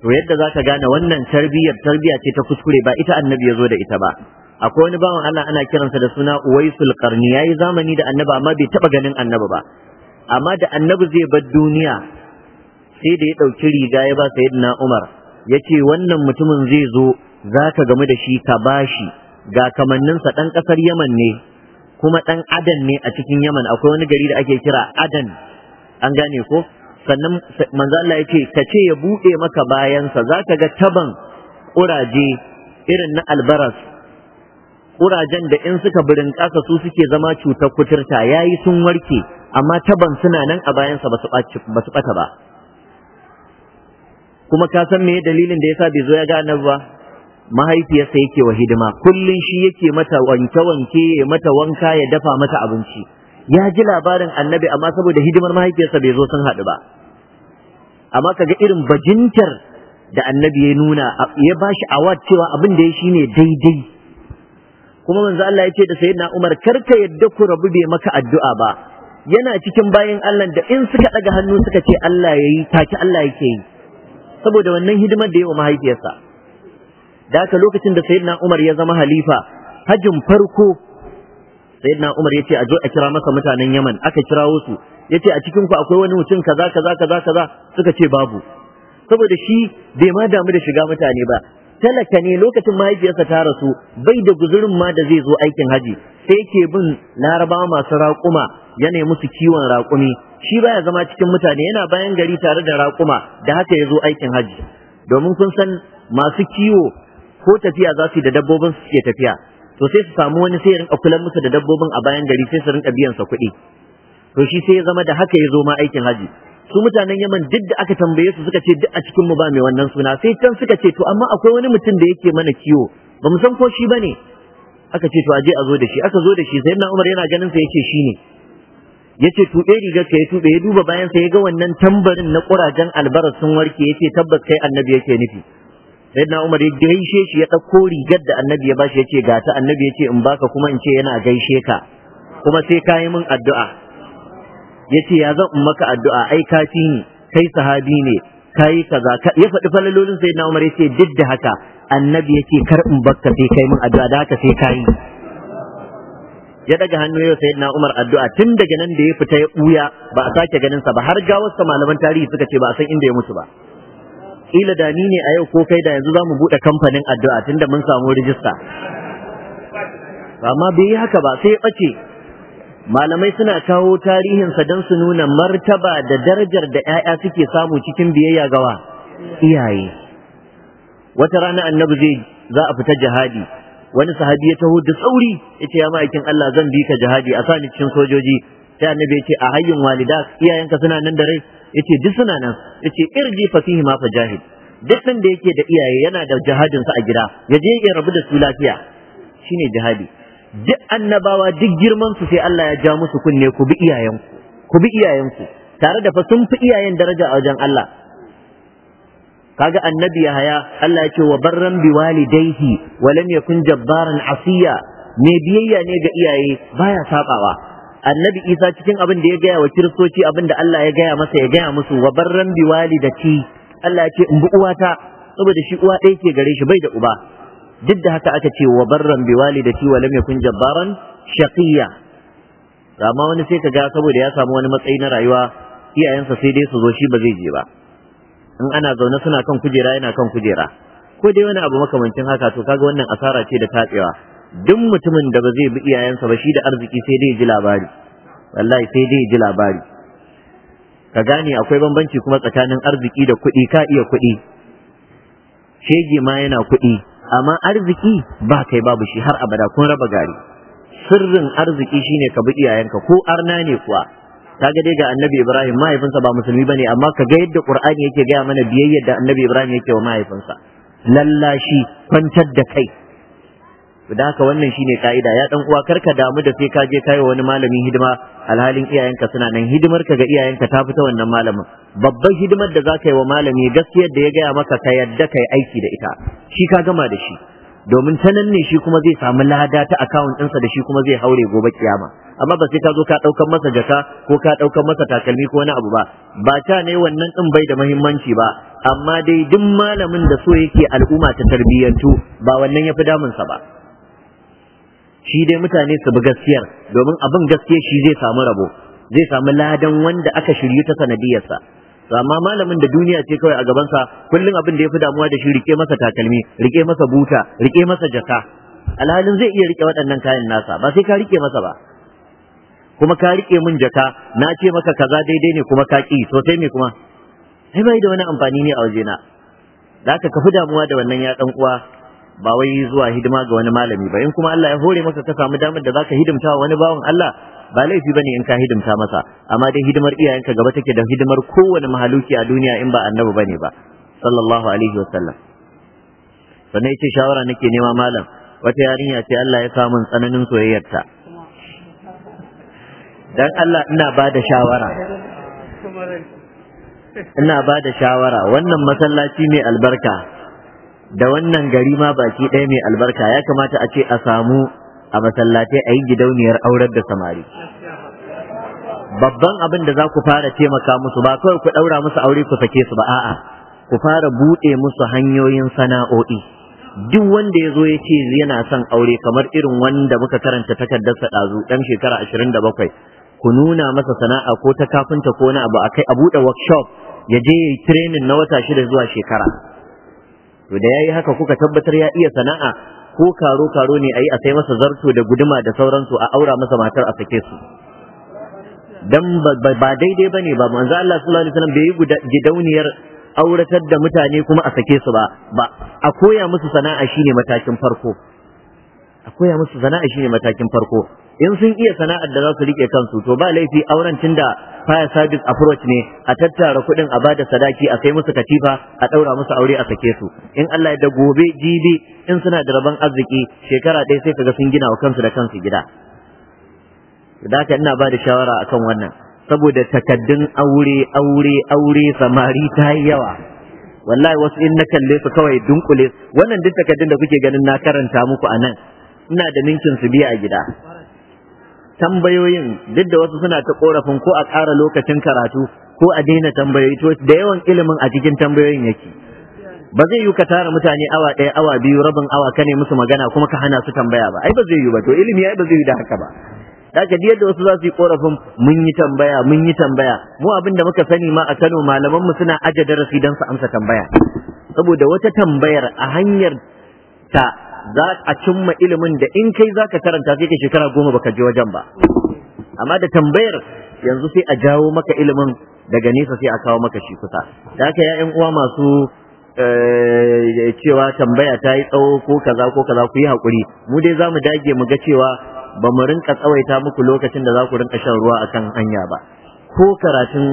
to yadda za ka gane wannan tarbiyyar tarbiyya ce ta kuskure ba ita annabi ya zo da ita ba akwai wani bawan Allah ana kiransa da suna Uwaisul Qarni yayi zamani da annabi amma bai taba ganin annabi ba amma da annabi zai bar duniya sai da ya dauki riga ya ba sayyidina Umar yace wannan mutumin zai zo zaka gamu da shi ka bashi ga kamanninsa dan ƙasar Yaman ne kuma ɗan adan ne a cikin yaman akwai wani gari da ake kira adan an gane ko sannan manzo Allah ya ce ka ce ya buɗe maka bayansa za ka ga taban ƙuraje irin na albaras ƙurajen da in suka birin ƙasa su suke zama cutar kuturta yayi sun warke amma taban suna nan a bayansa ba su ɓata ba kuma ka san me dalilin da yasa bai zo ya ga annabi ba mahaifiyarsa yake wa hidima kullum shi yake mata wanke-wanke ya mata wanka ya dafa mata abinci ya ji labarin annabi amma saboda hidimar mahaifiyarsa bai zo sun haɗu ba amma kaga irin bajintar da annabi ya nuna ya ba shi awad cewa abin da ya shi ne daidai kuma manzo Allah ya ce da sayyidina Umar karka yadda ku rabu bai maka addu'a ba yana cikin bayan Allah da in suka daga hannu suka ce Allah yayi take Allah yake yi saboda wannan hidimar da ya wa mahaifiyarsa da haka lokacin da sayyidina Umar ya zama halifa hajjin farko sayyidina Umar yace a zo a kira masa mutanen Yaman aka kirawo su yace a cikin ku akwai wani mutum kaza kaza kaza kaza suka ce babu saboda shi bai ma damu da shiga mutane ba talaka ne lokacin mahaifiyarsa ta rasu bai da guzurin ma da zai zo aikin haji sai yake bin larabawa masu raƙuma yana musu kiwon raƙumi shi baya zama cikin mutane yana bayan gari tare da raƙuma da haka ya zo aikin haji domin kun san masu kiwo ko tafiya za su yi da dabbobin su suke tafiya to sai su samu wani sai rinka kula musu da dabbobin a bayan gari sai su rinka biyan sa kuɗi to shi sai ya zama da haka ya zo ma aikin haji su mutanen Yaman duk da aka tambaye su suka ce duk a cikin mu ba mai wannan suna sai can suka ce to amma akwai wani mutum da yake mana kiwo ba mu san ko shi bane aka ce to aje a zo da shi aka zo da shi sai na Umar yana ganin sa yake shi ne yace tube rigar ka ya tube, ya duba bayan sa ya ga wannan tambarin na ƙurajen albarar sun warke ce tabbas kai annabi yake nufi sayyidina Umar ya gaishe shi ya ɗauko rigar da annabi ya bashi ya ce ga ta annabi ya ce in baka kuma in ce yana gaishe ka kuma sai ka yi min addu'a ya ce ya zan in maka addu'a ai ka fi ni kai sahabi ne ka yi kaza ya faɗi falalolin sayyidina Umar ya ce duk da haka annabi ya ce kar in baka sai kai min addu'a da haka sai ka yi ya daga hannu yau sayyidina Umar addu'a tun daga nan da ya fita ya buya ba a sake ganin sa ba har ga wasu malaman tarihi suka ce ba a san inda ya mutu ba kila da ni ne a yau ko kai da yanzu za mu buɗe kamfanin addu'a tunda mun samu rijista amma bai yi haka ba sai bace. malamai suna kawo tarihinsa don su nuna martaba da darajar da 'ya'ya suke samu cikin biyayya gawa iyaye wata rana annabi zai za a fita jihadi wani sahabi ya taho da tsauri ya ce ya ma'aikin Allah zan bi ka jihadi a sani cikin sojoji sai annabi ya ce a hayyun walida iyayenka suna nan da rai yace duk suna nan yace irji fasihi ma fajahid duk da yake da iyaye yana da jihadin sa a gida ya je ya rabu da su lafiya shine jihadi duk annabawa duk girman su sai Allah ya ja musu kunne ku bi iyayenku ku bi iyayenku tare da fa sun fi iyayen daraja a wajen Allah kaga annabi Yahaya Allah ya ce wa barran bi walidaihi wa lam yakun jabbaran asiya ne biyayya ne ga iyaye baya sabawa annabi isa cikin abin da ya gaya wa kiristoci abin da Allah ya gaya masa ya gaya musu wa barran bi walidati Allah ya ce in bi uwata saboda shi uwa ɗaya ke gare shi bai da uba duk da haka aka ce wa barran bi walidati wa lam yakun jabbaran shaqiya amma wani sai ka kaga saboda ya samu wani matsayi na rayuwa iyayensa sai dai su zo shi ba zai je ba in ana zaune suna kan kujera yana kan kujera ko dai wani abu makamancin haka to kaga wannan asara ce da tatsewa duk mutumin da ba zai bi iyayensa ba shi da arziki sai dai ji labari wallahi sai dai ji labari ka gane akwai bambanci kuma tsakanin arziki da kuɗi ka iya kuɗi shege ma yana kuɗi amma arziki ba kai babu shi har abada kun raba gari sirrin arziki shine ka bi iyayenka ko arna ne kuwa ga dai ga annabi ibrahim mahaifinsa ba musulmi bane amma ka ga yadda qur'ani yake gaya mana biyayyar da annabi ibrahim yake wa mahaifinsa lallashi kwantar da kai da haka wannan shine ka'ida ya dan uwa karka damu da sai ka je kai wani malami hidima alhalin iyayenka suna nan hidimar ka ga iyayenka ta fita wannan malamin babban hidimar da zaka yi wa malami gaskiyar da ya gaya maka ka yadda kai aiki da ita shi ka gama da shi domin ta ne shi kuma zai samu lada ta akawun ɗinsa da shi kuma zai haure gobe kiyama amma ba sai ka zo ka ɗaukar masa jaka ko ka ɗaukar masa takalmi ko wani abu ba ba ta ne wannan ɗin bai da muhimmanci ba amma dai duk malamin da so yake al'umma ta tarbiyyantu ba wannan ya fi damunsa ba shi dai mutane su bi gaskiyar domin abin gaskiya shi zai samu rabo zai samu ladan wanda aka shiryu ta sanadiyarsa amma malamin da duniya ce kawai a gabansa kullum abin da ya fi damuwa da shi rike masa takalmi rike masa buta rike masa jaka alhalin zai iya rike waɗannan kayan nasa ba sai ka rike masa ba kuma ka rike min jaka na ce maka kaza daidai ne kuma ka ki to sai me kuma sai bai da wani amfani ne a wajena da aka kafi damuwa da wannan ya dan uwa ba wai zuwa hidima ga wani malami ba in kuma Allah ya hore maka ka samu damar da zaka hidimta wani bawan Allah ba laifi bane in ka hidimta masa amma dai hidimar iyayenka gaba take da hidimar kowane mahaluki a duniya in ba annabi bane ba sallallahu alaihi wasallam sannan yace shawara nake nema malam wata yarinya ce Allah ya samu tsananin soyayyarta dan Allah ina ba da shawara ina ba da shawara wannan masallaci mai albarka da wannan gari ma baki ɗaya mai albarka ya kamata a ce a samu a masallatai a yi gidauniyar aurar da samari babban abin da za ku fara taimaka musu ba kawai ku ɗaura musu aure ku sake su ba a'a ku fara buɗe musu hanyoyin sana'o'i duk wanda ya zo ya ce yana son aure kamar irin wanda muka karanta takardar sa ɗazu ɗan shekara ashirin da bakwai ku nuna masa sana'a ko ta kafinta ko na abu a kai a buɗe workshop ya je ya yi training na wata shida zuwa shekara to da yi haka kuka tabbatar ya iya sana'a ko karo karo ne yi a sai masa zarto da guduma da sauransu a aura masa matar a sake su dan ba daidai bane ba manzo Allah sallallahu alaihi wasallam bai yi gidauniyar auratar da mutane kuma a sake su ba ba a koya musu sana'a shine matakin farko a koya musu sana'a shine matakin farko in sun iya sana'ar da za su rike kansu to ba laifi auren tunda fire service approach ne a tattara kuɗin a bada sadaki a kai musu katifa a ɗaura musu aure a sake su in Allah da gobe jibi in suna da rabon arziki shekara ɗaya sai kaga sun gina wa kansu da kansu gida da haka ina bada shawara akan wannan saboda takaddun aure aure aure samari ta yi yawa wallahi wasu in na kalle su kawai dunkule wannan duk takaddun da kuke ganin na karanta muku a nan ina da ninkin su biya a gida tambayoyin duk da wasu suna ta korafin ko a ƙara lokacin karatu ko a daina tambayoyi to da yawan ilimin a cikin tambayoyin yake ba zai yi ka tara mutane awa ɗaya awa biyu rabin awa ka ne musu magana kuma ka hana su tambaya ba ai ba zai yi ba to ilimi ai ba zai yi da haka ba haka diyar da wasu za su yi korafin mun yi tambaya mun yi tambaya mu abin da muka sani ma a Kano malaman mu suna aje darasi don su amsa tambaya saboda wata tambayar a hanyar ta za a cimma ilimin da in kai za ka karanta sai ka shekara goma baka je wajen ba amma da tambayar yanzu sai a jawo maka ilimin daga nesa sai a kawo maka shi kusa da haka ya uwa masu eh, cewa tambaya ta yi tsawo ko kaza ko kaza ku yi haƙuri mu dai za mu dage mu ga cewa ba mu rinka tsawaita muku lokacin da za ku rinka shan ruwa akan hanya ba ko karatun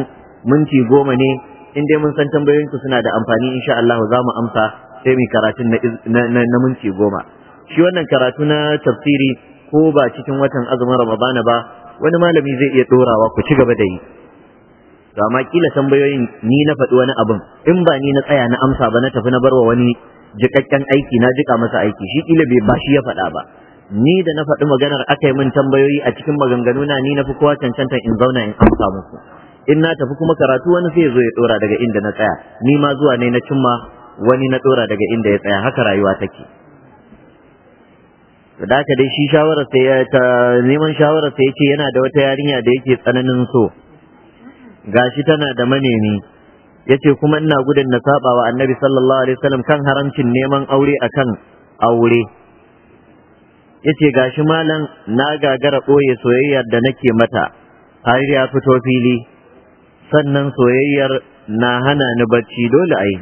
minti goma ne in dai mun san tambayoyinku suna da amfani insha Allah za mu amsa sai mai karatun na minti goma shi wannan karatu na tafsiri ko ba cikin watan azumin ramadana ba wani malami zai iya dorawa ku ci gaba da yi to amma kila tambayoyin ni na faɗi wani abin in ba ni na tsaya na amsa ba na tafi na barwa wani jikakken aiki na jika masa aiki shi kila bai ba shi ya faɗa ba ni da na faɗi maganar aka yi min tambayoyi a cikin maganganu na ni na fi kowa cancanta in zauna in amsa muku in na tafi kuma karatu wani sai zo ya ɗora daga inda na tsaya ni ma zuwa ne na cimma wani na tsora daga inda ya tsaya haka rayuwa take da haka dai shi shawarar sai ta neman shawara sai yace yana da wata yarinya da yake tsananin so gashi tana da manemi yace kuma ina gudun na saba wa annabi sallallahu alaihi wasallam kan haramcin neman aure akan aure yace gashi malam na gagara ɓoye soyayyar da nake mata har ya fito fili sannan soyayyar na hana ni bacci dole ai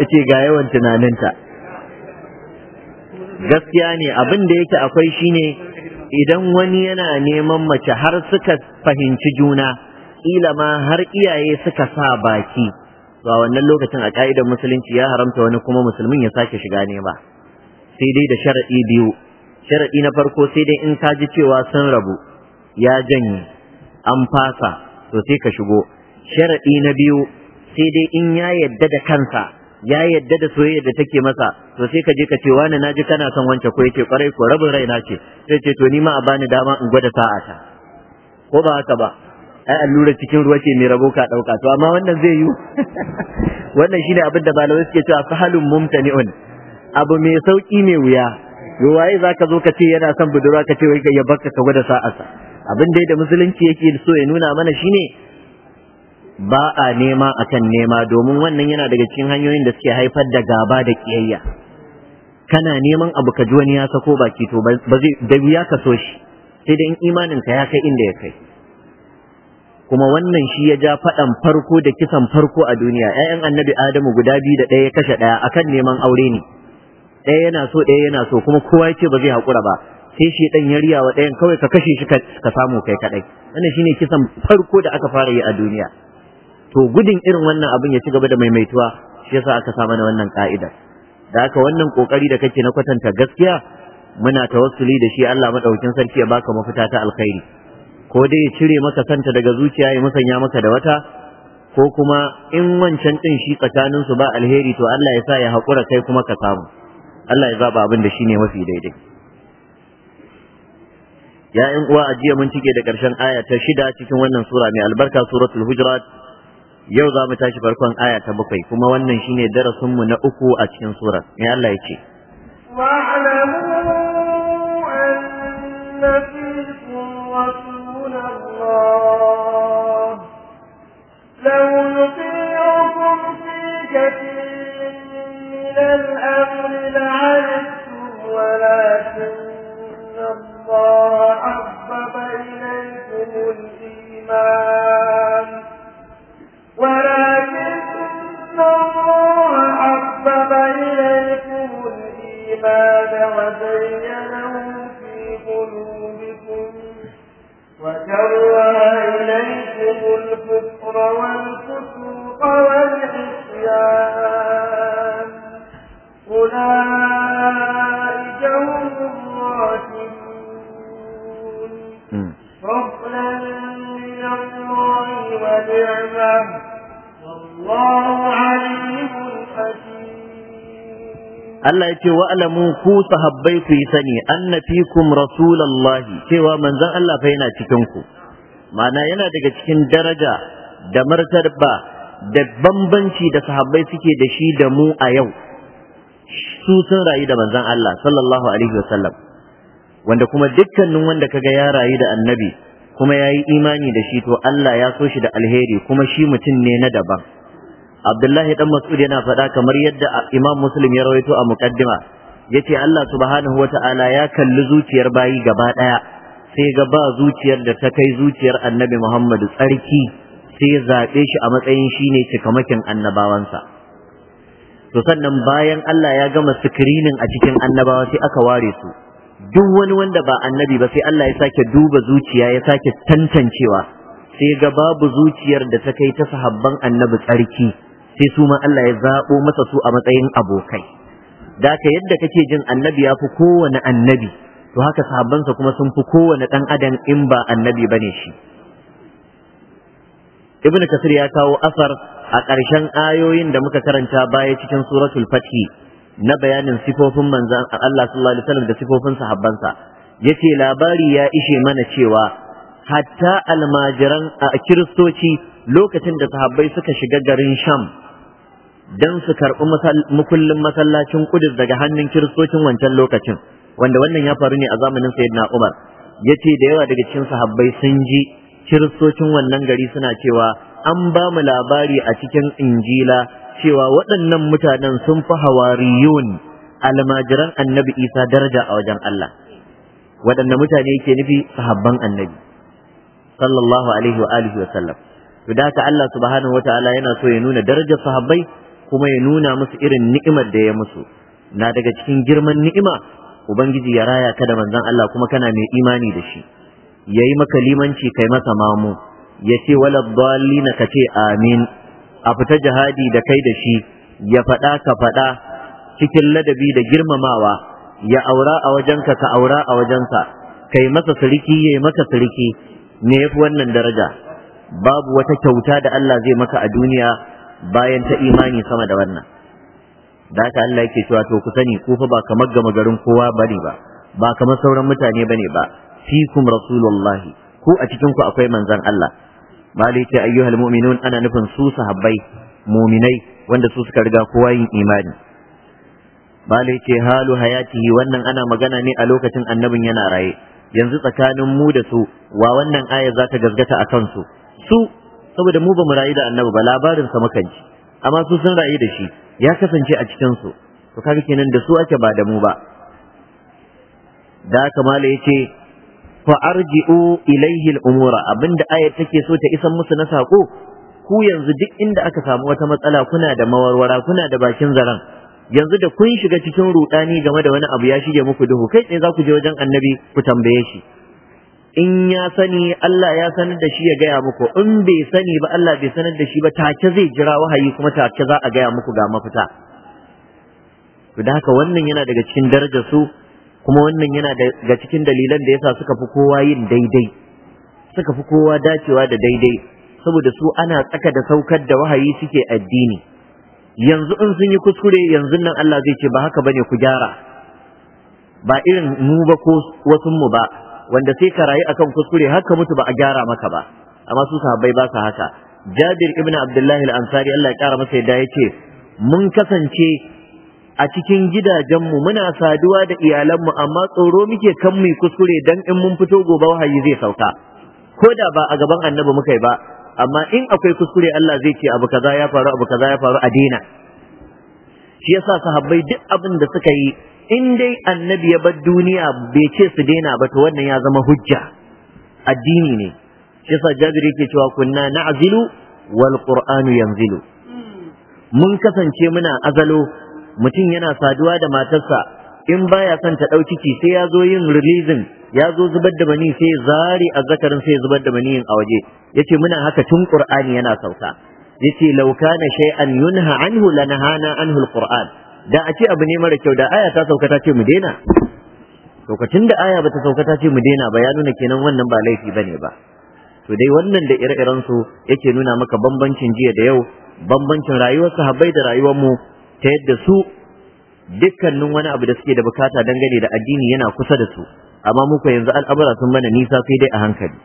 yace ga yawan tunaninta gaskiya ne abin da yake akwai shine idan wani yana neman mace har suka fahimci juna ƙila ma har iyaye suka sa baki ba wannan lokacin a ka'idar musulunci ya haramta wani kuma musulmin ya sake shiga ne ba sai dai da sharaɗi biyu sharaɗi na farko sai dai in kaji cewa sun rabu ya janye an fasa to sai ka shigo sharaɗi na biyu sai dai in ya yadda da kansa ya yadda da soyayya da take masa to sai ka je ka ce wani naji kana son wance ko yace kwarai ko rabin raina ce sai ce to ni ma a bani dama in gwada ta ko ba haka ba ai allura cikin ruwa ce mai rabo ka dauka to amma wannan zai yi wannan shine abin da malamai suke cewa fahalun mumtani'un abu mai sauki mai wuya yo waye zaka zo ka ce yana son budurwa ka ce wai ya barka ka gwada sa abin da musulunci yake so ya nuna mana shine ba a nema akan nema domin wannan yana daga cikin hanyoyin da suke haifar da gaba da kiyayya kana neman abu ka ji wani ya sako baki to ba zai da ya kaso shi sai da in imanin ka ya kai inda ya kai kuma wannan shi ya ja faɗan farko da kisan farko a duniya ‘ya'yan annabi adamu guda biyu da ɗaya ya kashe ɗaya akan neman aure ne ɗaya yana so ɗaya yana so kuma kowa ya ce ba zai haƙura ba sai shi ɗan yariya wa ɗayan kawai ka kashe shi ka samu kai kaɗai wannan shine kisan farko da aka fara yi a duniya to gudun irin wannan abin ya ci gaba da maimaituwa shi yasa aka samu na wannan ka'idar da haka wannan kokari da kake na kwatanta gaskiya muna tawassuli da shi Allah madaukakin sarki ya baka mafita ta alkhairi ko dai ya cire maka santa daga zuciya ya musanya maka da wata ko kuma in wancan din shi tsakanin su ba alheri to Allah ya sa ya hakura kai kuma ka samu Allah ya zaba abin da ne mafi daidai ya in uwa ajiya mun cike da karshen aya ta shida cikin wannan sura mai albarka suratul hujurat yau za mu tashi farkon aya ta bakwai kuma wannan shine darasin mu na uku a cikin surar me Allah yake ولكن الله حبب إليكم الإيمان ولكن الله حبب إليكم الإيمان وزينه في قلوبكم وكره إليكم الكفر والكفر Allah ya ce wa'alamu ku sahabbai ku yi sani anna fikum rasulallahi cewa manzon Allah fa yana cikin ku ma'ana yana daga cikin daraja da martaba da bambanci da sahabbai suke da shi da mu a yau su sun rayu da manzon Allah sallallahu alaihi wasallam wanda kuma dukkanin wanda kaga ya rayu da annabi kuma ya yi imani da shi to Allah ya so shi da alheri kuma shi mutum ne na daban Abdullahi dan Mas'ud yana faɗa kamar yadda Imam Muslim ya rawaito a muqaddima yace Allah subhanahu wata'ala ya kalli zuciyar bayi gaba daya sai ga ba zuciyar da ta kai zuciyar Annabi Muhammad tsarki sai zaɓe shi a matsayin shine cikamakin annabawansa to sannan bayan Allah ya gama sikirinin a cikin annabawa sai aka ware su duk wani wanda ba annabi ba sai Allah ya sake duba zuciya ya sake tantancewa sai ga babu zuciyar da ta kai ta sahabban annabi tsarki sai su ma Allah ya zaɓo masa su a matsayin abokai da ka yadda kake jin annabi ya fi kowane annabi to haka sahabbansa kuma sun fi kowane ɗan adam in ba annabi ba ne shi Ibn kasir ya kawo asar a ƙarshen ayoyin da muka karanta baya cikin suratul fathi na bayanin sifofin manzan Allah sallallahu da sifofin sahabbansa ce labari ya ishe mana cewa hatta almajiran a kiristoci lokacin da sahabbai suka shiga garin Sham don su karɓi mukullin masallacin Kudus daga hannun kiristocin wancan lokacin wanda wannan ya faru ne a zamanin Sayyidina Umar ce da yawa daga cikin sahabbai sun ji kiristocin wannan gari suna cewa an ba mu labari a cikin injila cewa waɗannan mutanen sun fi hawariyun almajiran annabi isa daraja a wajen Allah waɗanne mutane yake nufi sahabban annabi sallallahu alaihi wa alihi wa sallam da Allah subhanahu ta'ala yana so ya nuna darajar sahabbai kuma ya nuna musu irin ni'imar da ya musu na daga cikin girman ni'ima ubangiji ya raya ka da manzon Allah kuma kana mai imani da shi yayi maka limanci kai masa mamu ya ce wala dallina ka ce amin a fita jihadi da kai da shi ya faɗa ka faɗa cikin ladabi da girmamawa ya aura a wajenka ka aura a wajenka. kai masa siriki yayi maka siriki me yafi wannan daraja babu wata kyauta da Allah zai maka a duniya bayan ta imani sama da wannan da haka Allah yake cewa to ku sani ku fa ba kamar gama garin kowa bane ba ba kamar sauran mutane bane ba fikum rasulullahi ku a cikin ku akwai manzan Allah malike ayyuhal mu'minun ana nufin su sahabbai mu'minai wanda su suka riga kowa yin imani malike halu hayatihi wannan ana magana ne a lokacin annabin yana raye yanzu tsakanin mu da su wa wannan aya za ta gazgata a kansu su saboda mu ba mu rayu da annabi ba labarin sa makan ji amma su sun rayu da shi ya kasance a cikin su to kaga kenan da su ake ba da mu ba da kamala yace fa arji'u ilayhi al-umura abinda ayat take so ta isan musu na sako ku yanzu duk inda aka samu wata matsala kuna da mawarwara kuna da bakin zaran yanzu da kun shiga cikin rudani game da wani abu ya shige muku duhu kai ne za ku je wajen annabi ku tambaye shi in ya sani Allah ya sanar da shi ya gaya muku in bai sani ba Allah bai sanar da shi ba take zai jira wahayi kuma take za a gaya muku ga mafita to da haka wannan yana daga cikin darajar su kuma wannan yana daga cikin dalilan da yasa suka fi kowa yin daidai suka fi kowa dacewa da daidai saboda su ana tsaka da saukar da wahayi suke addini yanzu in sun yi kuskure yanzu nan Allah zai ce ba haka bane ku gyara ba irin mu ba ko wasun mu ba wanda sai ka rayu akan kuskure haka mutu ba a gyara maka ba amma su sahabbai ba su haka jabir ibn abdullahi al-ansari Allah ya kara masa yadda yace mun kasance a cikin gidajenmu muna saduwa da iyalanmu amma tsoro muke kan mu kuskure dan in mun fito gobe wahayi zai sauka ko da ba a gaban annabi muka yi ba amma in akwai kuskure Allah zai ce abu kaza ya faru abu kaza ya faru a dina shi yasa sahabbai duk abin da suka yi in dai annabi ya bar duniya bai ce su daina ba to wannan ya zama hujja addini ne shi yasa jabir yake cewa kunna na'zilu wal qur'anu yanzilu mun kasance muna azalo mutum yana saduwa da matarsa in baya son ta ɗau ciki sai ya zo yin releasing ya zo zubar da mani sai zari a zakarin sai zubar da bani a waje yace muna haka tun qur'ani yana sauka yace law kana shay'an yunha anhu lanahana anhu alquran da a ce abu ne mara kyau da aya ta sauka ta ce mu daina lokacin da aya bata sauka ta ce mu daina ba ya nuna kenan wannan ba laifi bane ba to dai wannan da ire-iren su yake nuna maka bambancin jiya da yau bambancin rayuwar sahabbai da rayuwar mu ta yadda su dukkanin wani abu da suke da bukata dangane da addini yana kusa da su amma muku yanzu al'amura sun mana nisa sai dai a hankali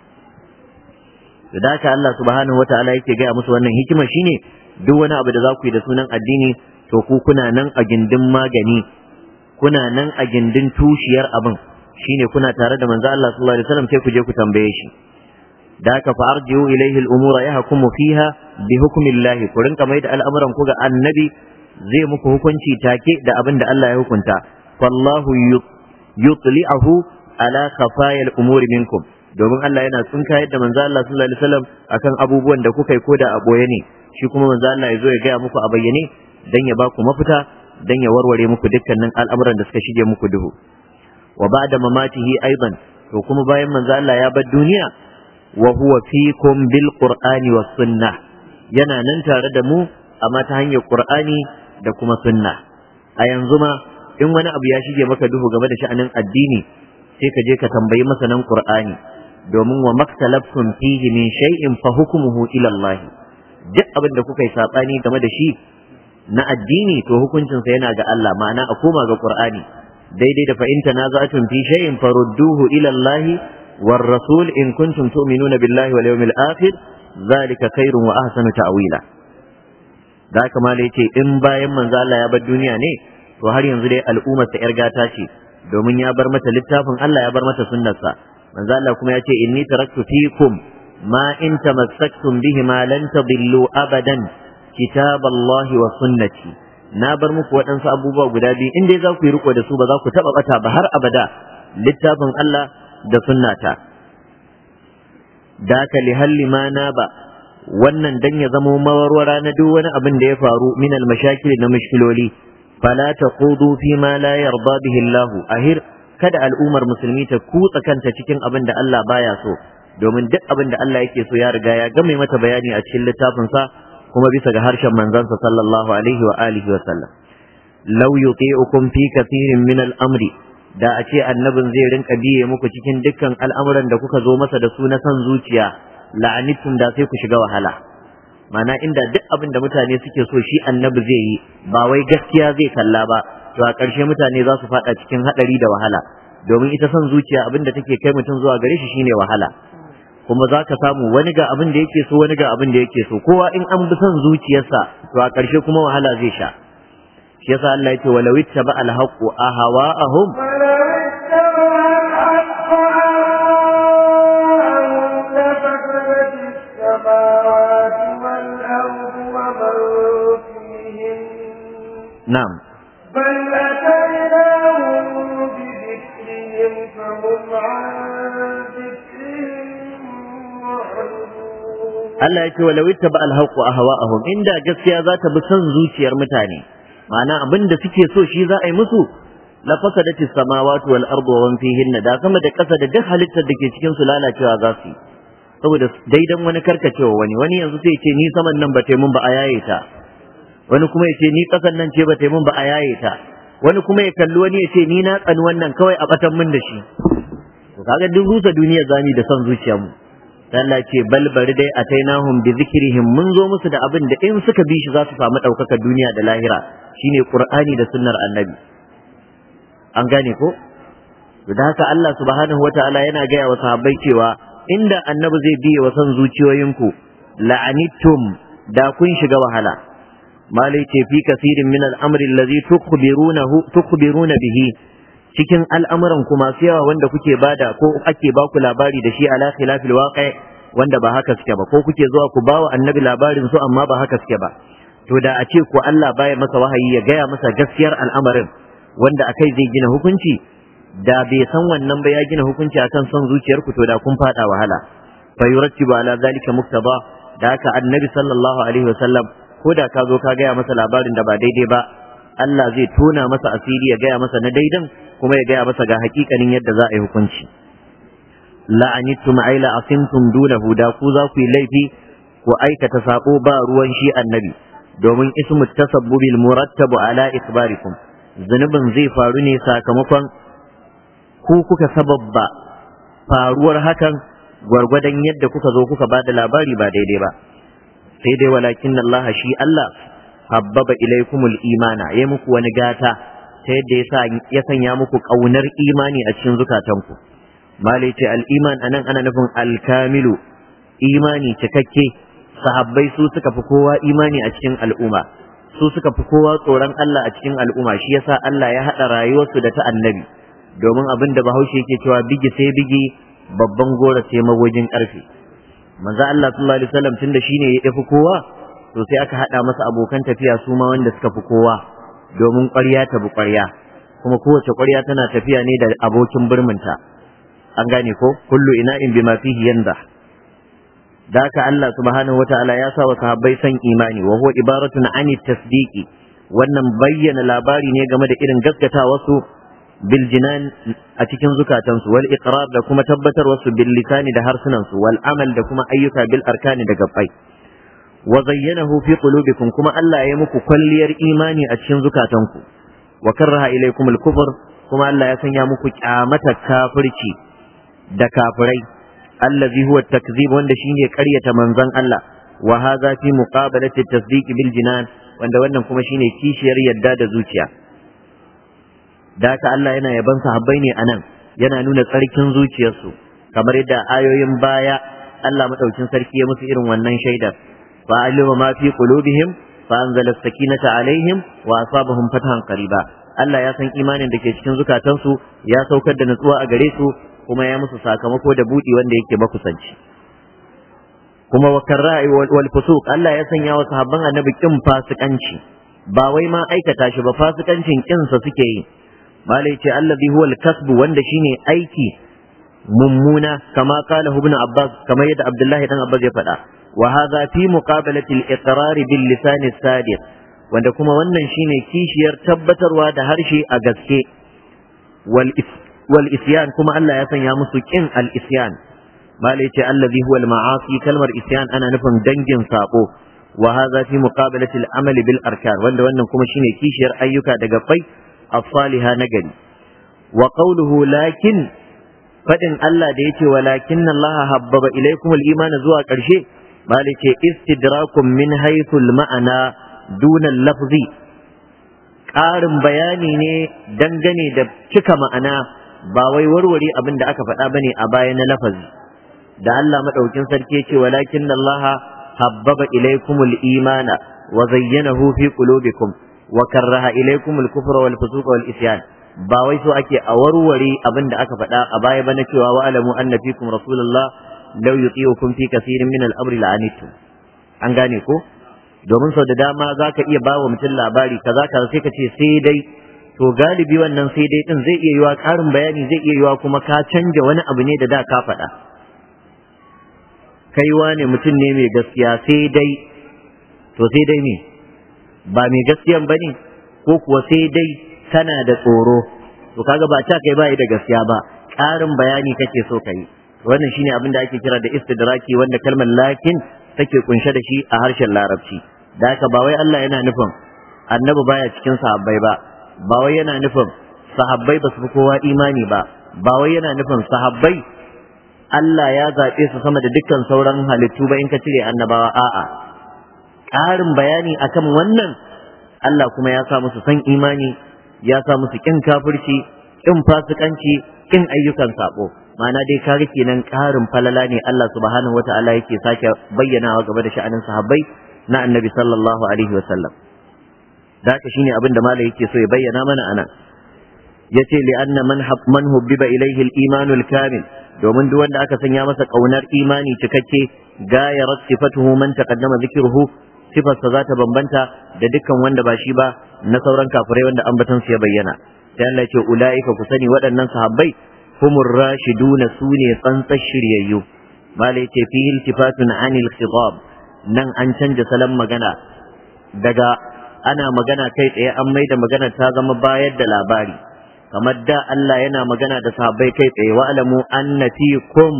da haka Allah subhanahu wataala yake gaya musu wannan hikima shine duk wani abu da za ku yi da sunan addini to ku kuna nan a gindin magani kuna nan a gindin tushiyar abin shine kuna tare da manzo Allah sallallahu alaihi wasallam sai ku je ku tambaye shi da ka fa arjiu ilaihi al-umura yahkumu fiha bi hukmi ku rinka mai da al'amuran ku ga annabi zai muku hukunci take da abin da Allah ya hukunta fallahu yutli'ahu ala khafaya al-umuri minkum domin Allah yana tsinkayar da manzo Allah sallallahu alaihi wasallam akan abubuwan da kuka yi da a boye ne shi kuma manzo Allah ya zo ya gaya muku a bayyane dan ya baku mafita dan ya warware muku dukkanin al'amuran da suka shige muku duhu wa ba'da mamatihi aidan to kuma bayan manzo Allah ya bar duniya wa huwa fikum bil qur'ani was sunnah yana nan tare da mu a mata hanyar qur'ani da kuma sunna a yanzu ma in wani abu ya shige maka duhu game da sha'anin addini sai ka je ka tambayi masanan qur'ani domin wa maktalafun fihi min shay'in fa hukmuhu ila Allah duk abin da kuka yi sabani game da shi na addini to hukuncinsa yana ga Allah ma'ana a koma ga Qur'ani daidai da fa na tanaza'tum fi shay'in farudduhu ila Allah war rasul in kuntum tu'minuna billahi wal yawmil akhir zalika khairun wa ahsanu ta'wila da haka yace in bayan manzo Allah ya bar duniya ne to har yanzu dai al'ummar ta yar gata ce domin ya bar mata littafin Allah ya bar mata sunnarsa manzo Allah kuma ya ce inni taraktu fikum ma in tamassaktum bihi ma lan tadillu abadan kitab Allah wa sunnati na bar muku waɗansu abubuwa guda biyu in dai za yi riko da su ba ku taɓa ɓata ba har abada littafin Allah da sunnata Dakali ka ma na ba wannan dan ya zamo mawarwara na duk wani abin da ya faru min al-mashakil na mushkiloli fala taqudu fi ma la yarda bihi Allah ahir kada al'ummar musulmi ta kutsa kanta cikin abin da Allah baya so domin duk abin da Allah yake so ya riga ya game mata bayani a cikin littafin sa kuma bisa ga harshen manzansa sallallahu alaihi wa alihi wa sallam law yuti'ukum fi kathirin min al-amri da a ce annabin zai rinka biye muku cikin dukkan al'amuran da kuka zo masa da su na san zuciya la'anitun da sai ku shiga wahala mana inda duk abin da mutane suke so shi annabi zai yi ba wai gaskiya zai kalla ba to a ƙarshe mutane za su faɗa cikin haɗari da wahala domin ita son zuciya abin da take kai mutum zuwa gare shi shine wahala kuma za ka samu wani ga abin da yake so wani ga abin da yake so kowa in an bi son zuciyarsa to a ƙarshe kuma wahala zai sha shi yasa Allah yake ce walau ittaba al-haqqu ahwa'ahum Na'am Allah ya ce wa walau ittaba al-haqqu ahwa'ahum inda gaskiya za ta bi son zuciyar mutane ma'ana abin da suke so shi za a yi musu la fasadati samawati wal ardu wa fi fihinna da sama da kasa da duk halittar da ke cikin su lalacewa za su yi saboda daidan wani karkacewa wani wani yanzu sai ce ni saman nan ba ta mun ba a yaye ta wani kuma ya ce ni kasan nan ce ba ta mun ba a yaye ta wani kuma ya kalli wani ya ce ni na tsani wannan kawai a batan mun da shi kaga duk rusa duniyar zani da son zuciyarmu mu Allah ce dai a tai nahum bi zikrihim mun zo musu da abin da in suka bi shi za su samu ɗaukakar duniya da lahira shine qur'ani da sunnar annabi an gane ko da haka Allah subhanahu wataala yana gaya wa sahabbai cewa inda annabi zai biye wa san zuciyoyinku la'anittum da kun shiga wahala malai ce fi kasirin min al'amri allazi tukhbirunahu tukhbiruna bihi cikin al'amuran ku masu yawa wanda kuke bada ko ake ba ku labari da shi ala khilafil waqi wanda ba haka suke ba ko kuke zuwa ku bawa annabi labarin su amma ba haka suke ba to da a ce ku Allah baya masa wahayi ya gaya masa gaskiyar al'amarin wanda akai zai gina hukunci da bai san wannan ba ya gina hukunci akan son zuciyar ku to da kun fada wahala fa yurattibu ala zalika muktaba da haka annabi sallallahu alaihi wasallam ko da ka zo ka gaya masa labarin da ba daidai ba Allah zai tona masa asiri ya gaya masa na daidan kuma ya gaya masa ga hakikanin yadda za a yi hukunci la'anittum ay la'asintum dunahu da ku za ku yi laifi ku aikata sako ba ruwan shi annabi domin ismu tasabbubil murattabu ala ikbarikum zunubin zai faru ne sakamakon ku kuka sababba faruwar hakan gwargwadon yadda kuka zo kuka ba da labari ba daidai ba sai dai walakin Allah shi Allah habbaba ilaikumul imana ya muku wani gata ta yadda ya sanya muku ƙaunar imani a cikin zukatanku Mali ce al'iman nan ana nufin alkamilu imani cikakke sahabbai su suka fi kowa imani a cikin al'umma su suka fi kowa tsoron Allah a cikin al'umma shi yasa Allah ya haɗa rayuwarsu da ta annabi domin abin da bahaushe yake cewa bigi sai bigi babban gora sai magogin ƙarfe manzo Allah sallallahu alaihi wasallam tunda shine ya fi kowa to sai aka haɗa masa abokan tafiya su ma wanda suka fi kowa domin ƙwarya ta bi ƙwarya kuma kowace ƙwarya tana tafiya ne da abokin birminta an gane ko kullu in bi fihi yanza da haka Allah subhanahu wata'ala ya sa wa sahabbai san imani wa huwa ibaratun ani tasdiqi wannan bayyana labari ne game da irin gaskatawarsu bil jinan a cikin zukatansu wal iqrar da kuma wasu bil lisani da harsunansu wal amal da kuma ayyuka bil arkani da gabbai wa zayyanahu fi qulubikum kuma Allah ya muku kwalliyar imani a cikin zukatanku wa karraha ilaykum al-kufr kuma Allah ya sanya muku kyamata kafirci da kafirai allazi huwa takzib wanda shine ƙaryata manzon Allah wa hadha fi muqabalati tasdiq bil jinan wanda wannan kuma shine kishiyar yadda da zuciya da Allah yana yaban sahabbai ne anan yana nuna tsarkin zuciyarsu kamar yadda ayoyin baya Allah madaukin sarki ya musu irin wannan shaidar an ما في قلوبهم فأنزل السكينة عليهم وأصابهم فتحا قريبا Allah ya san imanin da ke cikin zukatansu ya saukar da nutsuwa a gare su kuma ya musu sakamako da buɗi wanda yake makusanci kuma wa karra'i wal fusuq Allah ya sanya wa sahabban annabi kin fasikanci ba wai ma aikata shi ba fasikancin kinsa suke yi malai ce allazi huwal kasbu wanda shine aiki mummuna kama kala ibn abbas kamar yadda abdullahi dan abbas ya faɗa wa hadha fi muqabalati al-iqrar bil lisan as wanda kuma wannan ne kishiyar tabbatarwa da harshe a gaske wal isyan kuma Allah ya sanya musu kin al isyan malai ce allazi huwa al ma'asi kalmar isyan ana nufin dangin sako wa hadha fi muqabalati al amali bil arkan wanda wannan kuma shine kishiyar ayyuka daga fai as-saliha na gari wa qawluhu lakin fadin Allah da yake walakin Allah habbaba ilaykum al iman zuwa karshe malik ce istidrakun min haithul ma'ana dunan lafzi ƙarin bayani ne dangane da cika ma'ana ba wai warware abin da aka faɗa bane a baya na lafazi da Allah madaukin sarki ce walakin Allah habbaba ilaikumul imana wa zayyanahu fi qulubikum wa karraha ilaikumul kufra wal fusuqa wal isyan ba wai so ake a warware abin da aka faɗa a baya ba na cewa wa alamu anna fikum rasulullah law kun fi kaseerin min al-amri an gane ko domin sau da dama za ka iya bawa mutum labari kaza kaza sai ka ce sai dai to galibi wannan sai dai din zai iya yiwa karin bayani zai iya yiwa kuma ka canja wani abu ne da da ka faɗa kaiwa ne mutum ne mai gaskiya sai dai to sai dai me ba mai gaskiyan ba ne ko kuwa sai dai kana da tsoro to kaga ba ta kai ba da gaskiya ba ƙarin bayani kake so ka yi wannan shine abin da ake kira da istidraki wanda kalmar lakin take kunshe da shi a harshen larabci da haka ba wai Allah yana nufin annabi baya cikin sahabbai ba ba wai yana nufin sahabbai ba su fi kowa imani ba ba wai yana nufin sahabbai Allah ya zaɓe su sama da dukkan sauran halittu ba in ka cire annabawa a'a ƙarin bayani akan wannan Allah kuma ya sa musu san imani ya sa musu kin kafirci kin fasikanci kin ayyukan sako ma'ana dai kare kenan ƙarin falala ne Allah subhanahu wata'ala yake sake bayyanawa gaba da sha'anin sahabbai na annabi sallallahu alaihi sallam. da haka shine abin da malai yake so ya bayyana mana anan yace li anna man man hubbiba ilayhi al-iman al-kamil domin duk wanda aka sanya masa kaunar imani cikakke gaya sifatuhu man taqaddama dhikruhu sifarsa za ta bambanta da dukkan wanda ba shi ba na sauran kafirai wanda ambatan su ya bayyana sai Allah ya ce ulaika ku sani waɗannan sahabbai humur rashiduna sune tsantsar shiryayyu malai ce fi iltifatun anil khitab nan an canza salon magana daga ana magana kai tsaye an mai da magana ta zama bayar da labari kamar da Allah yana magana da sahabbai kai tsaye wa alamu anna fikum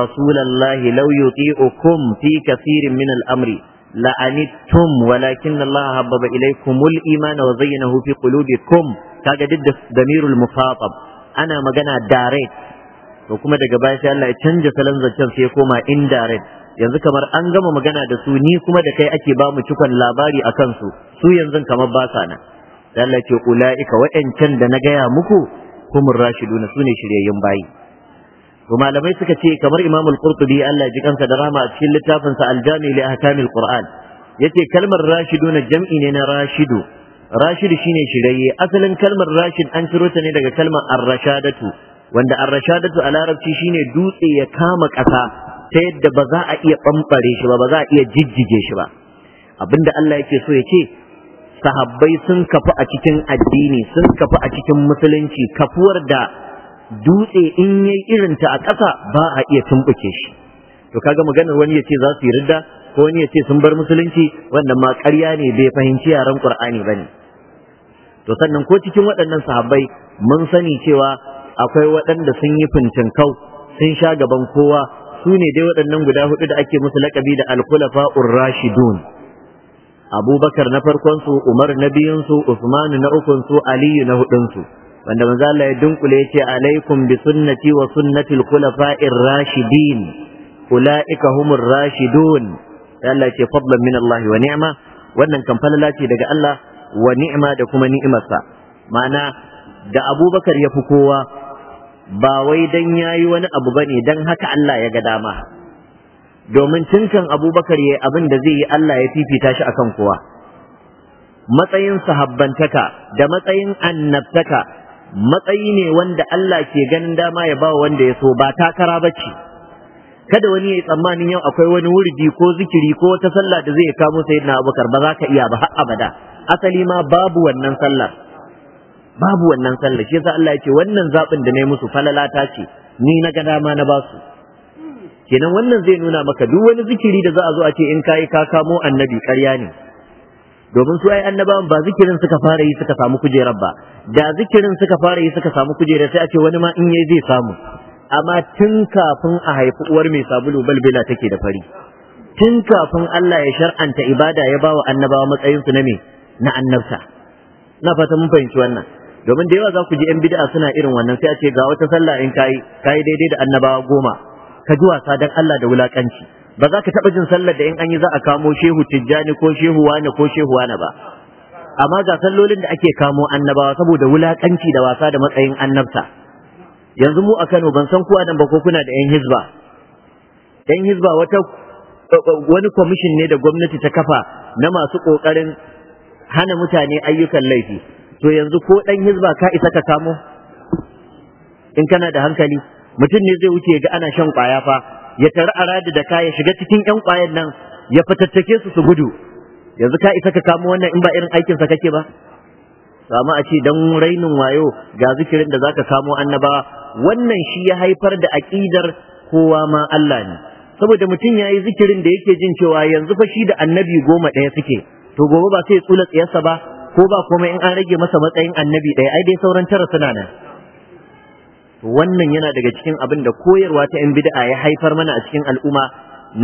rasulallahi law yuti'ukum fi kathirin min al-amri la'anittum walakin Allah habbaba ilaykumul imana wa zayyanahu fi qulubikum kaga duk damirul mufatab ana magana direct to kuma daga baya sai Allah ya canja salon zancen sai koma indirect yanzu kamar an gama magana da su ni kuma da kai ake ba mu cikon labari a kansu su yanzu kamar ba sa nan sai Allah ce ula'ika wa'ancan da na gaya muku humur rashiduna su ne shiryayyun bayi to malamai suka ce kamar Imam al-Qurtubi Allah ji kansa da rahama a cikin littafinsa sa al-Jami' li ahkamil Qur'an yace kalmar rashiduna jam'i ne na rashidu rashid shine shirayye asalin kalmar rashid an ciro ta ne daga kalmar ar-rashadatu wanda ar-rashadatu a larabci shine dutse ya kama ƙasa ta yadda ba za a iya bambare shi ba ba za a iya jijjige shi ba abinda Allah yake so ya ce sahabbai sun kafu a cikin addini sun kafu a cikin musulunci kafuwar da dutse in yayi ta a ƙasa ba a iya tumbuke shi to kaga maganar wani yace ce za su yi ridda ko wani yace sun bar musulunci wannan ma ƙarya ne bai fahimci yaren qur'ani bane to sannan ko cikin waɗannan sahabbai mun sani cewa akwai waɗanda sun yi kau sun sha gaban kowa su ne dai waɗannan guda hudu da ake musu laƙabi da alkulafa rashidun abubakar na farkonsu umar na biyunsu usmanu na ukunsu aliyu na hudunsu wanda manzo Allah ya dunkule ya ce alaikum bi sunnati wa sunnati alkhulafa'ir rashidin ulaika humur rashidun Allah ya ce fadlan min Allah wa ni'ma wannan kan ce daga Allah wa ni'ima da kuma ni'imarsa ma'ana da abubakar ya fi kowa ba wai dan yayi wani abu bane dan haka Allah ya ga dama domin tunkan abubakar yayi abin da zai yi Allah ya fifita shi a kan kowa matsayin sahabbantaka da matsayin annabtaka matsayi ne wanda Allah ke ganin dama ya ba wanda ya so ba takara bace kada wani ya yi tsammanin yau akwai wani wurdi ko zikiri ko wata sallah da zai kamo sayyidina abubakar ba za ka iya ba har abada asali ma babu wannan sallar babu wannan sallar shi yasa Allah yake wannan zaɓin da na yi musu falalata ce ni na ga dama na basu kenan wannan zai nuna maka duk wani zikiri da za a zo a ce in kai ka kamo annabi ƙarya ne domin su ai annabawan ba zikirin suka fara yi suka samu kujerar ba da zikirin suka fara yi suka samu kujerar sai a ce wani ma in yayi zai samu amma tun kafin a haifi uwar mai sabulu balbila take da fari tun kafin Allah ya shar'anta ibada ya bawa annabawa matsayinsu na me na annabta na fata mun fahimci wannan domin da yawa za ku ji yan bid'a suna irin wannan sai a ce ga wata sallah in kai kai daidai da annabawa goma ka ji wasa dan Allah da wulakanci ba za ka taba jin sallar da in an yi za a kamo shehu tijjani ko shehu wani ko shehu wani ba amma ga sallolin da ake kamo annabawa saboda wulakanci da wasa da matsayin annabta yanzu mu a Kano ban san kuwa nan ba ko kuna da yan hizba yan hizba wata wani kwamishin ne da gwamnati ta kafa na masu kokarin hana mutane ayyukan laifi to yanzu ko ɗan hizba ka isa ka kamo in kana da hankali mutum ne zai wuce ga ana shan ƙwaya fa ya tara aradi da ka ya shiga cikin yan ƙwayan nan ya fatattake su su gudu yanzu ka isa ka kamo wannan in ba irin aikin sa kake ba amma a ce don rainin wayo ga zikirin da zaka kamo annabawa wannan shi ya haifar da aƙidar kowa ma Allah ne saboda mutum yayi zikirin da yake jin cewa yanzu fa shi da annabi goma ɗaya suke to gobe ba sai ya tsula tsiyarsa ba ko ba komai in an rage masa matsayin annabi ɗaya ai dai sauran tara suna nan wannan yana daga cikin abin da koyarwa ta 'yan bid'a ya haifar mana a cikin al'umma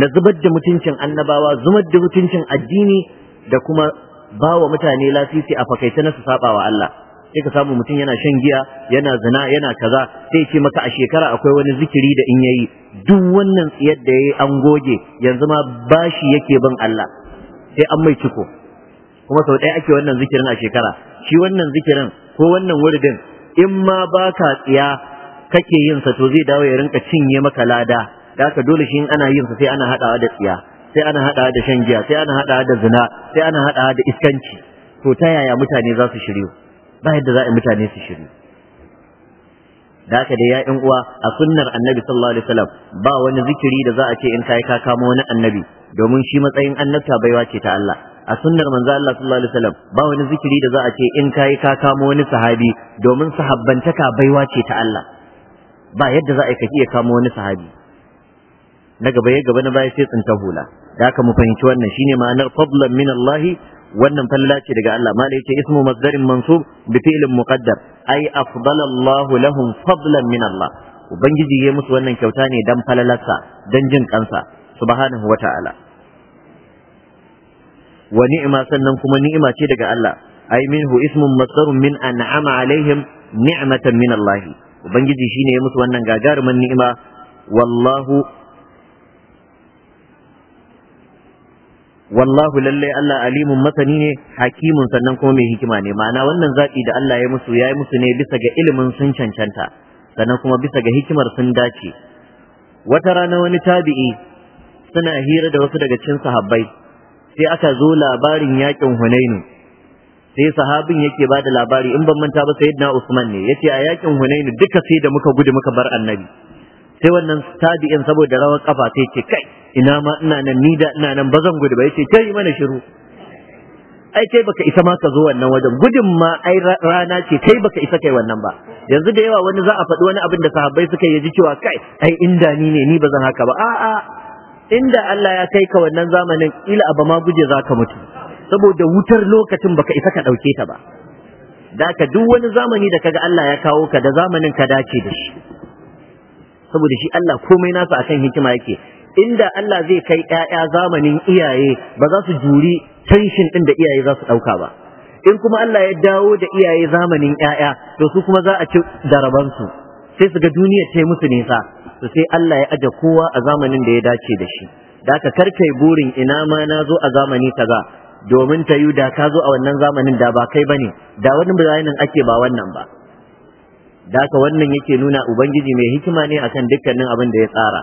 na zubar da mutuncin annabawa zubar da mutuncin addini da kuma ba wa mutane lasisi a fakaice na su saba wa Allah sai ka samu mutum yana shan giya yana zina yana kaza sai ce maka a shekara akwai wani zikiri da in yayi duk wannan tsiyar da yayi an goge yanzu ma bashi yake bin Allah sai an mai ciko kuma sau ɗaya ake wannan zikirin a shekara shi wannan zikirin ko wannan wurdin in ma ba ka tsiya kake yin sa to zai dawo ya rinka cinye maka lada da haka dole shi ana yin sa sai ana haɗawa da tsiya sai ana haɗawa da shan giya sai ana haɗawa da zina sai ana haɗawa da iskanci to ta yaya mutane za su shiryu ba yadda za a mutane su shiryu da haka dai ya ƴan uwa a sunnar annabi sallallahu alaihi wasallam ba wani zikiri da za a ce in kai ka kamo wani annabi domin shi matsayin annabta baiwa ce ta Allah a sunnar manzo Allah sallallahu alaihi wasallam ba wani zikiri da za a ce in kai ka kamo wani sahabi domin sahabbantaka baiwa ce ta Allah ba yadda za a kafi ya kamo wani sahabi na gaba ya gaba na baya sai tsinta hula da aka mu fahimci wannan shine ma'anar fadlan min Allah wannan falla ce daga Allah ma yace ismu masdarin mansub bi fi'lin muqaddar ai afdala Allah lahum fadlan min Allah ubangiji ya musu wannan kyauta ne dan falalarsa dan jin kansa subhanahu wata'ala wa ni'ima sannan kuma ni'ima ce daga Allah ai minhu ismun masdarun min an'ama alaihim ni'matan min Allah ubangiji shine ya musu wannan gagarumin ni'ima wallahu wallahu lalle Allah alimun masani ne hakimun sannan kuma mai hikima ne ma'ana wannan zaɓi da Allah ya musu ya yi musu ne bisa ga ilimin sun cancanta sannan kuma bisa ga hikimar sun dace wata rana wani tabi'i suna hira da wasu daga cikin sahabbai sai aka zo labarin yakin hunainu sai sahabin yake ba da labari in ban manta ba sayyidina usman ne yace a yakin hunainu duka sai da muka gudu muka bar annabi sai wannan tabi'in saboda rawar kafa sai ce kai ina ma ina nan ni da ina nan bazan gudu ba yace kai mana shiru ai kai baka isa ma ka zo wannan wajen gudun ma ai rana ce kai baka isa kai wannan ba yanzu da yawa wani za a faɗi wani abin da sahabbai suka yi ji cewa kai ai inda ni ne ni ba zan haka ba a'a inda Allah ya kai ka wannan zamanin ila a ma guje za ka mutu saboda wutar lokacin baka isa ka ɗauke ta ba da ka duk wani zamani da kaga Allah ya kawo ka da zamanin ka dace da shi saboda shi Allah komai nasa akan hikima yake inda Allah zai kai ƴaƴa zamanin iyaye ba za su juri tension ɗin da iyaye za su ɗauka ba in kuma Allah ya dawo da iyaye zamanin ƴaƴa to su kuma za a ci darabansu sai su ga duniya ta yi musu nisa to sai Allah ya aje kowa a zamanin da ya dace da shi da ka karkai burin ina ma na zo a zamani kaza domin ta yuda da ka zo a wannan zamanin da ba kai bane da wani bayanin ake ba wannan ba da ka wannan yake nuna ubangiji mai hikima ne akan dukkanin abin da ya tsara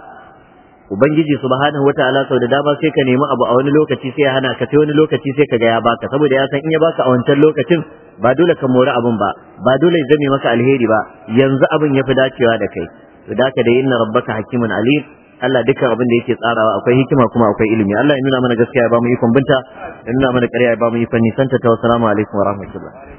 ubangiji subhanahu wataala sau da dama sai ka nemi abu a wani lokaci sai ya hana ka sai wani lokaci sai ka ga ya baka saboda ya san in ya baka a wancan lokacin ba dole ka mori abin ba ba dole ya zame maka alheri ba yanzu abin ya fi dacewa da kai da ka da inna rabbaka hakimun alim Allah dukkan abin da yake tsarawa akwai hikima kuma akwai ilimi Allah ya nuna mana gaskiya ya ba mu ikon binta ya nuna mana ƙarya ya ba mu ikon nisanta ta wassalamu alaikum wa rahmatullah